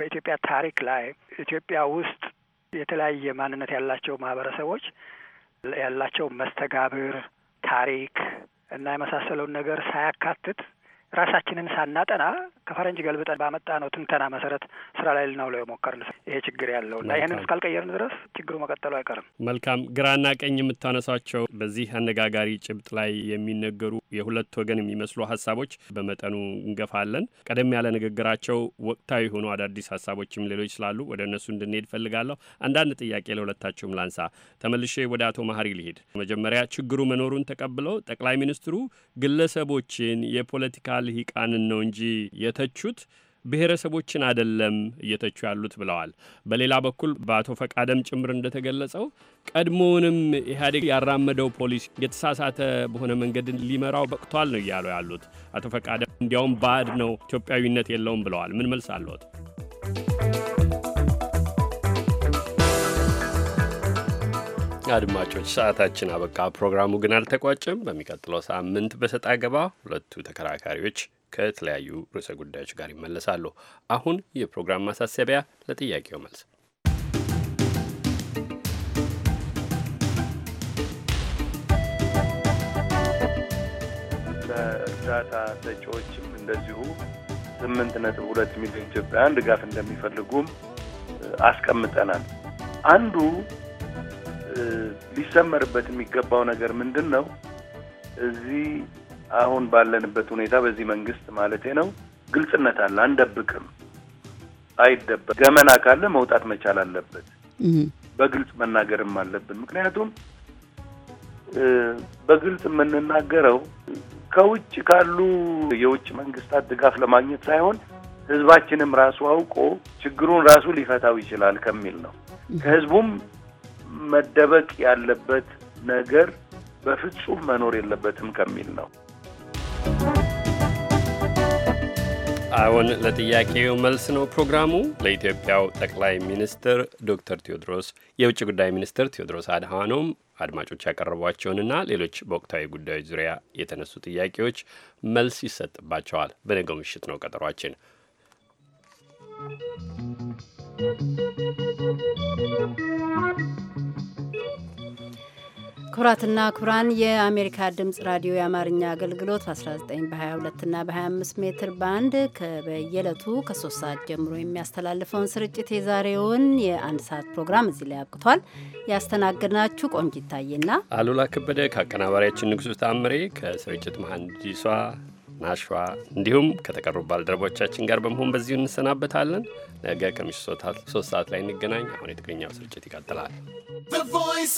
በኢትዮጵያ ታሪክ ላይ ኢትዮጵያ ውስጥ የተለያየ ማንነት ያላቸው ማህበረሰቦች ያላቸው መስተጋብር፣ ታሪክ እና የመሳሰለውን ነገር ሳያካትት ራሳችንን ሳናጠና ከፈረንጅ ገልብጠን ባመጣ ነው ትንተና መሰረት ስራ ላይ ልናውለው የሞከርን ይሄ ችግር ያለው እና ይህንን እስካልቀየርን ድረስ ችግሩ መቀጠሉ አይቀርም። መልካም ግራና ቀኝ የምታነሷቸው በዚህ አነጋጋሪ ጭብጥ ላይ የሚነገሩ የሁለት ወገን የሚመስሉ ሀሳቦች በመጠኑ እንገፋለን። ቀደም ያለ ንግግራቸው ወቅታዊ የሆኑ አዳዲስ ሀሳቦችም ሌሎች ስላሉ ወደ እነሱ እንድንሄድ ፈልጋለሁ። አንዳንድ ጥያቄ ለሁለታችሁም ላንሳ። ተመልሼ ወደ አቶ መሀሪ ልሄድ። መጀመሪያ ችግሩ መኖሩን ተቀብለው ጠቅላይ ሚኒስትሩ ግለሰቦችን የፖለቲካ ልሂቃንን ነው እንጂ የተቹት ብሔረሰቦችን አደለም እየተቹ ያሉት ብለዋል። በሌላ በኩል በአቶ ፈቃደም ጭምር እንደተገለጸው ቀድሞውንም ኢህአዴግ ያራመደው ፖሊሲ የተሳሳተ በሆነ መንገድ ሊመራው በቅቷል ነው እያሉ ያሉት አቶ ፈቃደም እንዲያውም ባዕድ ነው፣ ኢትዮጵያዊነት የለውም ብለዋል። ምን መልስ አለዎት? አድማጮች ሰዓታችን አበቃ። ፕሮግራሙ ግን አልተቋጨም። በሚቀጥለው ሳምንት በሰጥ አገባ ሁለቱ ተከራካሪዎች ከተለያዩ ርዕሰ ጉዳዮች ጋር ይመለሳሉ። አሁን የፕሮግራም ማሳሰቢያ ለጥያቄው መልስ እርዳታ ሰጪዎችም እንደዚሁ ስምንት ነጥብ ሁለት ሚሊዮን ኢትዮጵያውያን ድጋፍ እንደሚፈልጉም አስቀምጠናል። አንዱ ሊሰመርበት የሚገባው ነገር ምንድን ነው? እዚህ አሁን ባለንበት ሁኔታ በዚህ መንግስት ማለቴ ነው ግልጽነት አለ። አንደብቅም፣ አይደበቅ ገመና ካለ መውጣት መቻል አለበት። በግልጽ መናገርም አለብን። ምክንያቱም በግልጽ የምንናገረው ከውጭ ካሉ የውጭ መንግስታት ድጋፍ ለማግኘት ሳይሆን ህዝባችንም ራሱ አውቆ ችግሩን ራሱ ሊፈታው ይችላል ከሚል ነው። ከህዝቡም መደበቅ ያለበት ነገር በፍጹም መኖር የለበትም ከሚል ነው። አሁን ለጥያቄው መልስ ነው ፕሮግራሙ። ለኢትዮጵያው ጠቅላይ ሚኒስትር ዶክተር ቴዎድሮስ የውጭ ጉዳይ ሚኒስትር ቴዎድሮስ አድሃኖም አድማጮች ያቀረቧቸውንና ሌሎች በወቅታዊ ጉዳዮች ዙሪያ የተነሱ ጥያቄዎች መልስ ይሰጥባቸዋል። በነገው ምሽት ነው ቀጠሯችን። Thank you. ክቡራትና ክቡራን የአሜሪካ ድምፅ ራዲዮ የአማርኛ አገልግሎት 19 በ22 እና በ25 ሜትር ባንድ በየዕለቱ ከሶስት ሰዓት ጀምሮ የሚያስተላልፈውን ስርጭት የዛሬውን የአንድ ሰዓት ፕሮግራም እዚህ ላይ አብቅቷል። ያስተናግድናችሁ ቆንጅ ታዬና አሉላ ከበደ ከአቀናባሪያችን ንጉሱ ታምሬ ከስርጭት መሀንዲሷ ናሸዋ እንዲሁም ከተቀሩ ባልደረቦቻችን ጋር በመሆን በዚሁ እንሰናበታለን። ነገ ከምሽቱ ሶስት ሰዓት ላይ እንገናኝ። አሁን የትግርኛው ስርጭት ይቀጥላል። ቮይስ